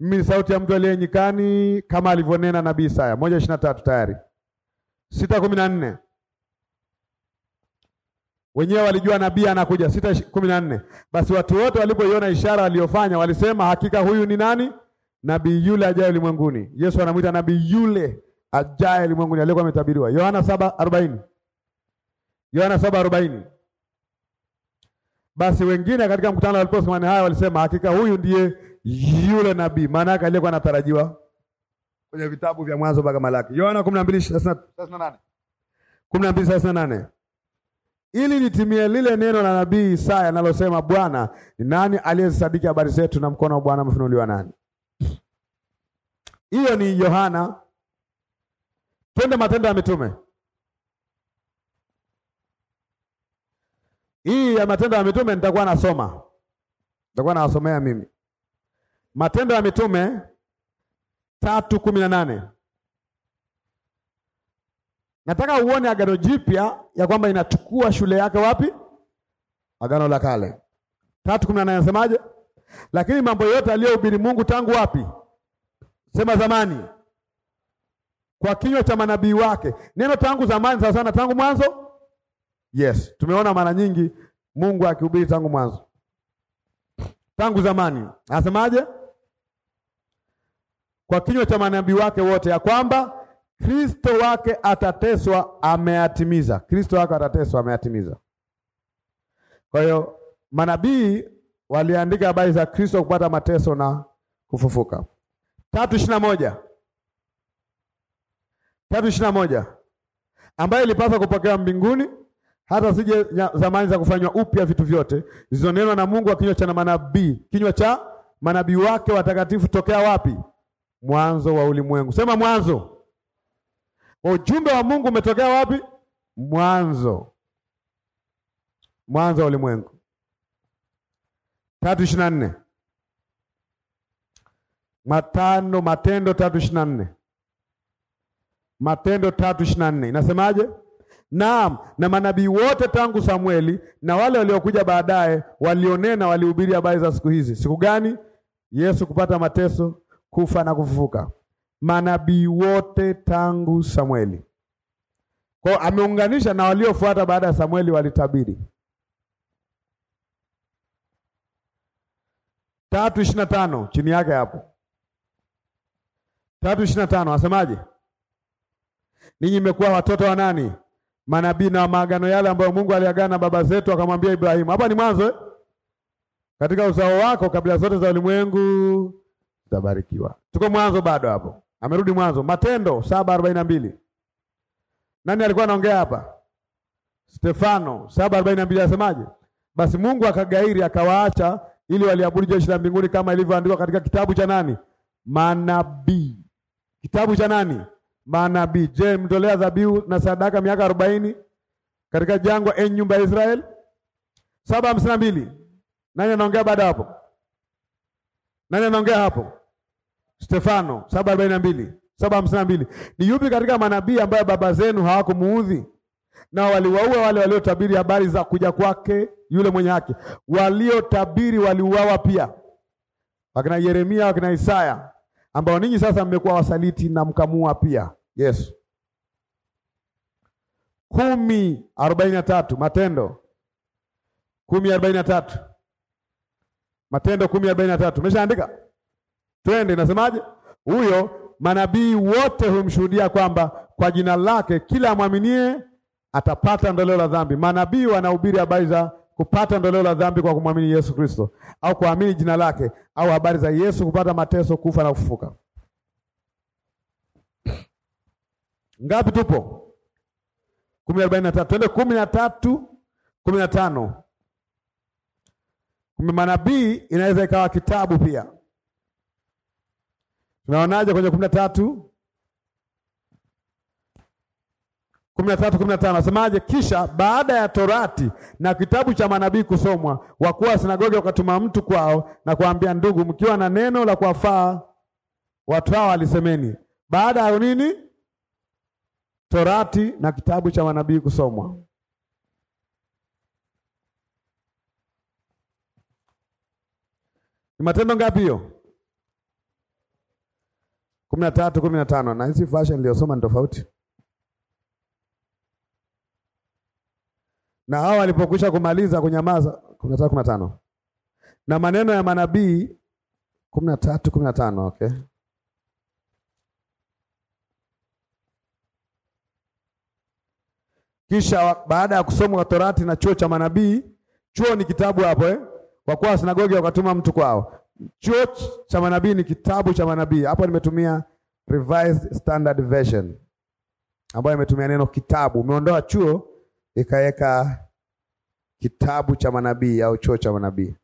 Mimi ni sauti ya mtu aliye nyikani kama alivyonena nabii Isaya Moja tatu tayari. Sita kumi na nne. Wenyewe walijua nabii anakuja Sita kumi na nne. Basi watu wote walipoiona ishara aliyofanya walisema hakika huyu ni nani? Nabii yule ajaye ulimwenguni. Yesu anamwita nabii yule ajaye ulimwenguni aliyekuwa ametabiriwa. Yohana 7:40. Yohana 7:40. Basi wengine katika mkutano waliposikia haya walisema, hakika huyu ndiye yule nabii, maana yake aliyekuwa anatarajiwa kwenye vitabu vya Mwanzo mpaka Malaki. Yohana 12:38. 12:38. Ili litimie lile neno la nabii Isaya analosema, Bwana ni nani aliyezisadiki habari zetu, na mkono wa Bwana umefunuliwa nani? Hiyo ni Yohana Twende Matendo ya Mitume. Hii ya Matendo ya Mitume nitakuwa nasoma, nitakuwa nawasomea mimi Matendo ya Mitume tatu kumi na nane. Nataka uone Agano Jipya ya kwamba inachukua shule yake wapi? Agano la Kale. tatu kumi na nane nasemaje? Lakini mambo yote aliyohubiri Mungu tangu wapi? Sema zamani kwa kinywa cha manabii wake. Neno tangu zamani sana sana, tangu mwanzo. Yes, tumeona mara nyingi Mungu akihubiri tangu mwanzo, tangu zamani. Anasemaje? Kwa kinywa cha manabii wake wote, ya kwamba Kristo wake atateswa ameyatimiza. Kristo wake atateswa ameyatimiza. Kwa hiyo manabii waliandika habari za Kristo kupata mateso na kufufuka. tatu ishirini na moja tatu ishirini na moja ambayo ilipaswa kupokea mbinguni hata zije zamani za kufanywa upya vitu vyote zilizonenwa na Mungu wa kinywa cha manabii kinywa cha manabii wake watakatifu tokea wapi? Mwanzo wa ulimwengu. Sema mwanzo. Ujumbe wa Mungu umetokea wapi? Mwanzo, mwanzo wa ulimwengu. tatu ishirini na nne matano Matendo tatu ishirini na nne Matendo tatu ishirini na nne inasemaje? Naam, na manabii wote tangu Samueli na wale waliokuja baadaye walionena, walihubiri habari za siku hizi. Siku gani? Yesu kupata mateso, kufa na kufufuka. Manabii wote tangu Samueli. Kwa ameunganisha na waliofuata baada ya Samueli walitabiri. tatu ishirini na tano chini yake hapo, tatu ishirini na tano asemaje? ninyi mmekuwa watoto wa nani? Manabii na maagano yale ambayo Mungu aliagana na baba zetu akamwambia Ibrahimu. Hapa ni mwanzo eh? Katika uzao wako kabila zote za ulimwengu zitabarikiwa. Tuko mwanzo bado hapo. Amerudi mwanzo. Matendo 7:42. Nani alikuwa anaongea hapa? Stefano 7:42 anasemaje? Basi Mungu akagairi akawaacha ili waliabudu jeshi la mbinguni kama ilivyoandikwa katika kitabu cha nani? Manabii. Kitabu cha nani? manabii. Je, mtolea dhabihu na sadaka miaka arobaini katika jangwa, enyi nyumba ya Israeli? saba hamsini na mbili. Nani anaongea baada hapo? Nani anaongea hapo? Stefano. saba arobaini na mbili saba hamsini na mbili. Ni yupi katika manabii ambayo baba zenu hawakumuudhi na waliwaua wale waliotabiri habari za kuja kwake yule mwenye haki? Waliotabiri waliuawa pia, wakina Yeremia, wakina Isaya ambao ninyi sasa mmekuwa wasaliti na mkamua pia Yesu. kumi arobaini na tatu Matendo kumi arobaini na tatu Matendo kumi arobaini na tatu Umeshaandika? Twende, inasemaje? Huyo manabii wote humshuhudia kwamba kwa jina lake kila amwaminie atapata ondoleo la dhambi. Manabii wanahubiri habari za kupata ondoleo la dhambi kwa kumwamini Yesu Kristo au kuamini jina lake au habari za Yesu kupata mateso, kufa na kufufuka. Ngapi tupo? kumi na arobaini na tatu. Twende kumi na tatu kumi na tano. Kumbe manabii inaweza ikawa kitabu pia. Tunaonaje kwenye kumi na tatu 13, 15 anasemaje? Kisha baada ya Torati na kitabu cha manabii kusomwa, wakuu wa sinagogi wakatuma mtu kwao na kuambia, ndugu, mkiwa na neno la kuwafaa watu hao alisemeni. Baada ya nini? Torati na kitabu cha manabii kusomwa. Ni matendo ngapi hiyo? kumi na tatu kumi na tano na hizi version niliyosoma ni tofauti. Na hao walipokwisha kumaliza kunyamaza, kumi na tatu kumi na tano na maneno ya manabii kumi na tatu kumi na tano okay. Kisha baada ya kusoma kwa Torati na chuo cha manabii, chuo ni kitabu hapo eh? kwa kuwa sinagogi wakatuma mtu kwao. Chuo cha manabii ni kitabu cha manabii. Hapo nimetumia Revised Standard Version ambayo imetumia neno kitabu, umeondoa chuo ikaweka kitabu cha manabii au chuo cha manabii.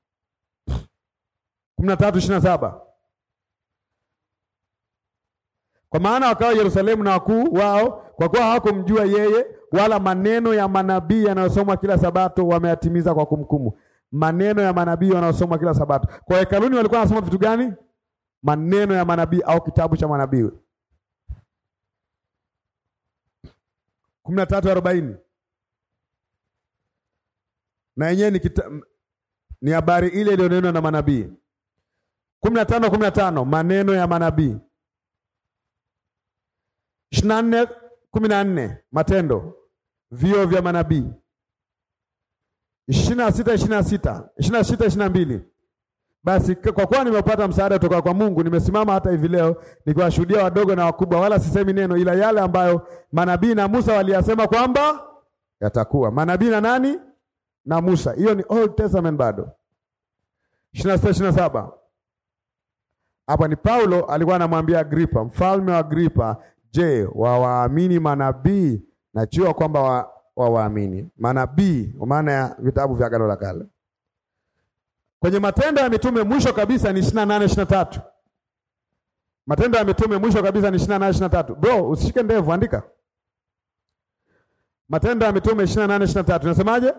kumi na tatu ishirini na saba kwa maana wakawa Yerusalemu na wakuu wao, kwa kuwa hawakumjua yeye, wala maneno ya manabii yanayosomwa kila Sabato wameyatimiza kwa kumkumu. Maneno ya manabii yanayosomwa kila Sabato. Kwa hekaluni walikuwa wanasoma vitu gani? Maneno ya manabii au kitabu cha manabii. kumi na tatu arobaini na yenyewe ni, ni habari ile iliyonenwa na manabii. kumi na tano kumi na tano maneno ya manabii. ishirini na nne kumi na nne Matendo, vio vya manabii. ishirini na sita ishirini na sita ishirini na sita ishirini na mbili basi kwa kuwa nimepata msaada kutoka kwa Mungu, nimesimama hata hivi leo nikiwashuhudia wadogo na wakubwa, wala sisemi neno ila yale ambayo manabii na Musa waliyasema kwamba yatakuwa. Manabii na nani? na Musa. Hiyo ni Old Testament bado. 26 27. hapa ni Paulo alikuwa anamwambia Agripa, mfalme wa Agripa, je, wawaamini manabii? Najua kwamba wawaamini wa manabii, kwa maana ya vitabu vya Agano la Kale. Kwenye Matendo ya Mitume mwisho kabisa ni 28 23. Matendo ya Mitume mwisho kabisa ni 28 23. Bro, usishike ndevu, andika Matendo ya Mitume 28 23. Nasemaje?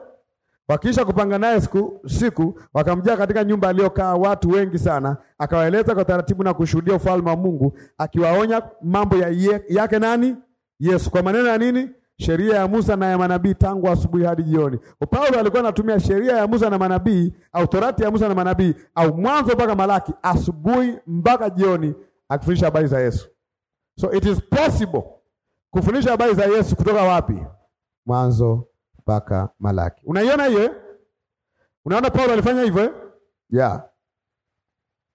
Wakiisha kupanga naye siku, siku wakamjia katika nyumba aliyokaa watu wengi sana, akawaeleza kwa taratibu na kushuhudia ufalme wa Mungu, akiwaonya mambo ya ye, yake nani Yesu, kwa maneno ya nini sheria ya Musa na ya manabii tangu asubuhi hadi jioni. Paulo alikuwa anatumia sheria ya Musa na manabii au torati ya Musa na manabii au mwanzo mpaka Malaki, asubuhi mpaka jioni, akifundisha habari za Yesu. So it is possible kufundisha habari za Yesu kutoka wapi? Mwanzo mpaka Malaki. Unaiona hiyo? Eh? Unaona Paulo alifanya hivyo eh? Yeah.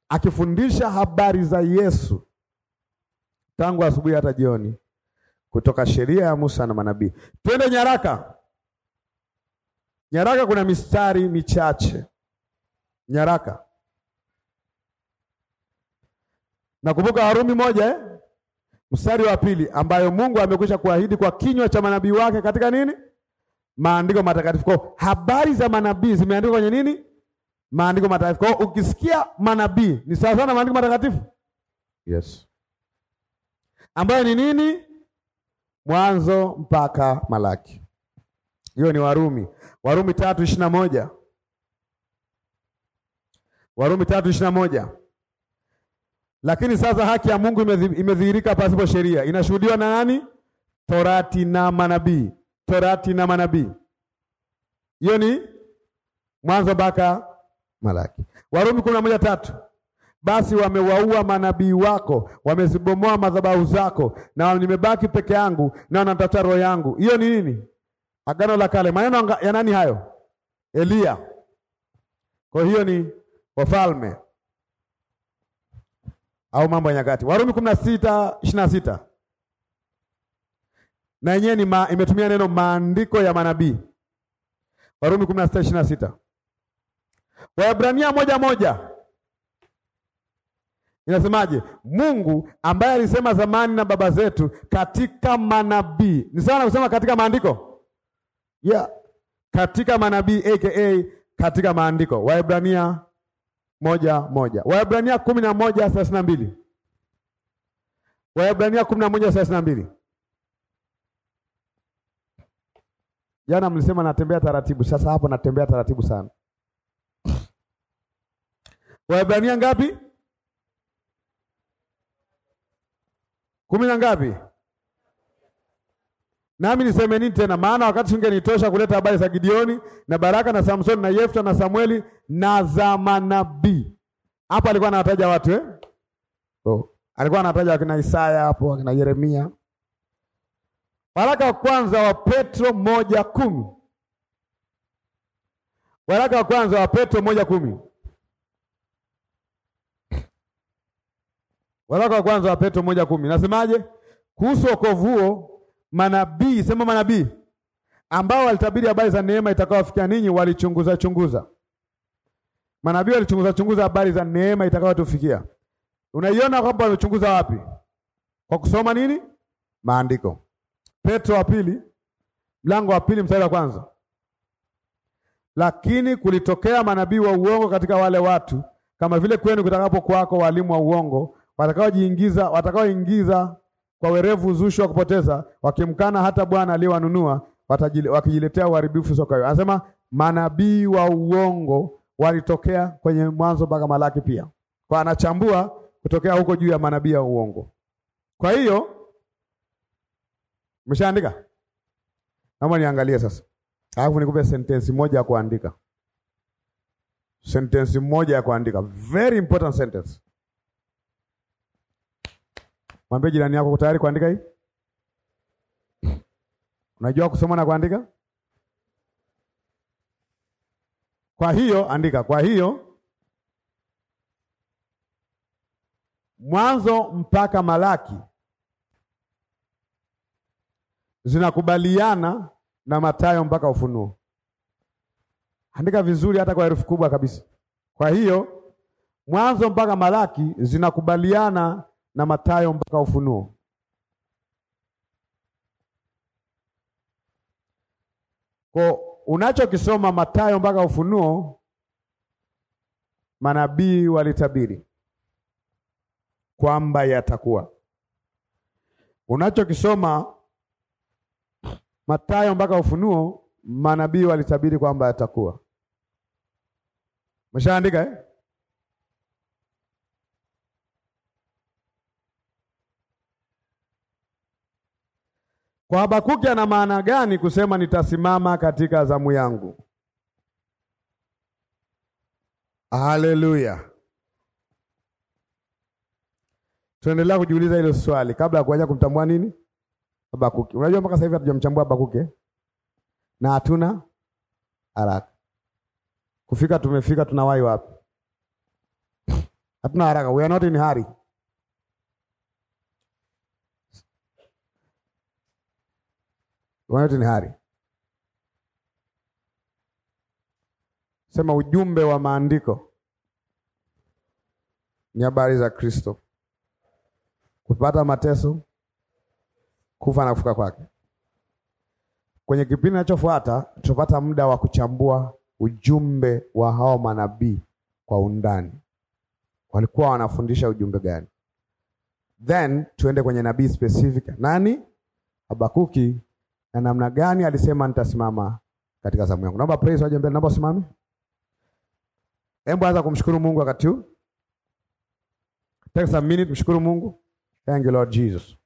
Akifundisha habari za Yesu tangu asubuhi hata jioni, kutoka sheria ya Musa na manabii. Twende nyaraka. Nyaraka kuna mistari michache. Nyaraka. Nakumbuka Warumi moja eh? Mstari wa pili ambayo Mungu amekwisha kuahidi kwa kinywa cha manabii wake katika nini? maandiko matakatifu. Kwa habari za manabii zimeandikwa kwenye nini? Maandiko matakatifu. Kwa ukisikia manabii ni sawa sana maandiko matakatifu, yes, ambayo ni nini? Mwanzo mpaka Malaki. Hiyo ni Warumi, Warumi tatu ishirini na moja Warumi tatu ishirini na moja Lakini sasa haki ya Mungu imedhihirika pasipo sheria, inashuhudiwa na nani? Torati na manabii Torati na manabii. Hiyo ni Mwanzo mpaka Malaki. Warumi kumi na moja tatu basi wamewaua manabii wako, wamezibomoa madhabahu zako, na nimebaki peke yangu, na wanatafuta roho yangu. Hiyo ni nini? Agano la Kale. Maneno ya nani hayo? Eliya. Kwa hiyo ni wafalme au mambo ya nyakati. Warumi kumi na sita ishirini na sita na yenyewe ni ma, imetumia neno maandiko ya manabii Warumi 16:26. Waebrania moja moja inasemaje? Mungu ambaye alisema zamani na baba zetu katika manabii, ni sawa na kusema katika maandiko yeah. Katika manabii aka katika maandiko. Waebrania moja moja. Waebrania kumi na moja thelathini na mbili. Waebrania kumi na moja thelathini na mbili. Jana mlisema natembea taratibu, sasa hapo natembea taratibu sana. Waebrania ngapi? kumi na ngapi? Nami niseme nini tena? Maana wakati ungenitosha kuleta habari za Gideoni na Baraka na Samsoni na Yefta na Samueli na za manabii. Hapo alikuwa anawataja watu eh? Oh. Alikuwa anataja wakina Isaya hapo, wakina Yeremia Waraka wa kwanza wa Petro moja kumi. Waraka wa kwanza wa Petro moja kumi. Waraka wa kwanza wa Petro moja kumi nasemaje? Kuhusu wokovu huo manabii, sema manabii ambao walitabiri habari za neema itakayowafikia ninyi walichunguza chunguza. Manabii walichunguza chunguza habari za neema itakayotufikia. Unaiona kwamba wamechunguza wapi? Kwa kusoma nini? Maandiko. Petro wa pili mlango wa pili mstari wa kwanza, lakini kulitokea manabii wa uongo katika wale watu, kama vile kwenu kutakapo kwako walimu wa uongo watakaojiingiza watakaoingiza kwa werevu uzushi wa kupoteza, wakimkana hata Bwana aliyewanunua, wakijiletea uharibifu soka hiyo. Anasema manabii wa uongo walitokea kwenye Mwanzo mpaka Malaki pia, kwa anachambua kutokea huko juu ya manabii wa uongo. Kwa hiyo Umeshaandika? Naomba niangalie sasa. Alafu nikupe sentensi moja ya kuandika. Sentensi moja ya kuandika. Very important sentence. Mwambie jirani yako tayari kuandika hii? Unajua kusoma na kuandika? Kwa hiyo andika. Kwa hiyo Mwanzo mpaka Malaki zinakubaliana na Mathayo mpaka Ufunuo. Andika vizuri hata kwa herufi kubwa kabisa. Kwa hiyo Mwanzo mpaka Malaki zinakubaliana na Mathayo mpaka Ufunuo. Kwa unachokisoma Mathayo mpaka Ufunuo, manabii walitabiri kwamba yatakuwa. Unachokisoma matayo mpaka Ufunuo, manabii walitabiri kwamba yatakuwa. meshaandika eh? Kwa Habakuki ana maana gani kusema nitasimama katika zamu yangu? Haleluya. Tunaendelea kujiuliza hilo swali kabla ya kuanza kumtambua nini Habakuki. Unajua mpaka sasa hivi hatujamchambua Habakuki eh? na hatuna haraka kufika. Tumefika, tunawahi wapi? Hatuna haraka, we are not in hurry. We are not in hurry. Sema ujumbe wa maandiko ni habari za Kristo kupata mateso kufa na kufuka kwake. Kwenye kipindi kinachofuata tutapata muda wa kuchambua ujumbe wa hao manabii kwa undani, walikuwa wanafundisha ujumbe gani? Then tuende kwenye nabii specific, nani Habakuki, na namna gani alisema nitasimama katika zamu yangu. Naomba praise waje mbele, naomba usimame. Hebu anza kumshukuru Mungu wakati huu. Take a minute, mshukuru Mungu. Thank you Lord Jesus.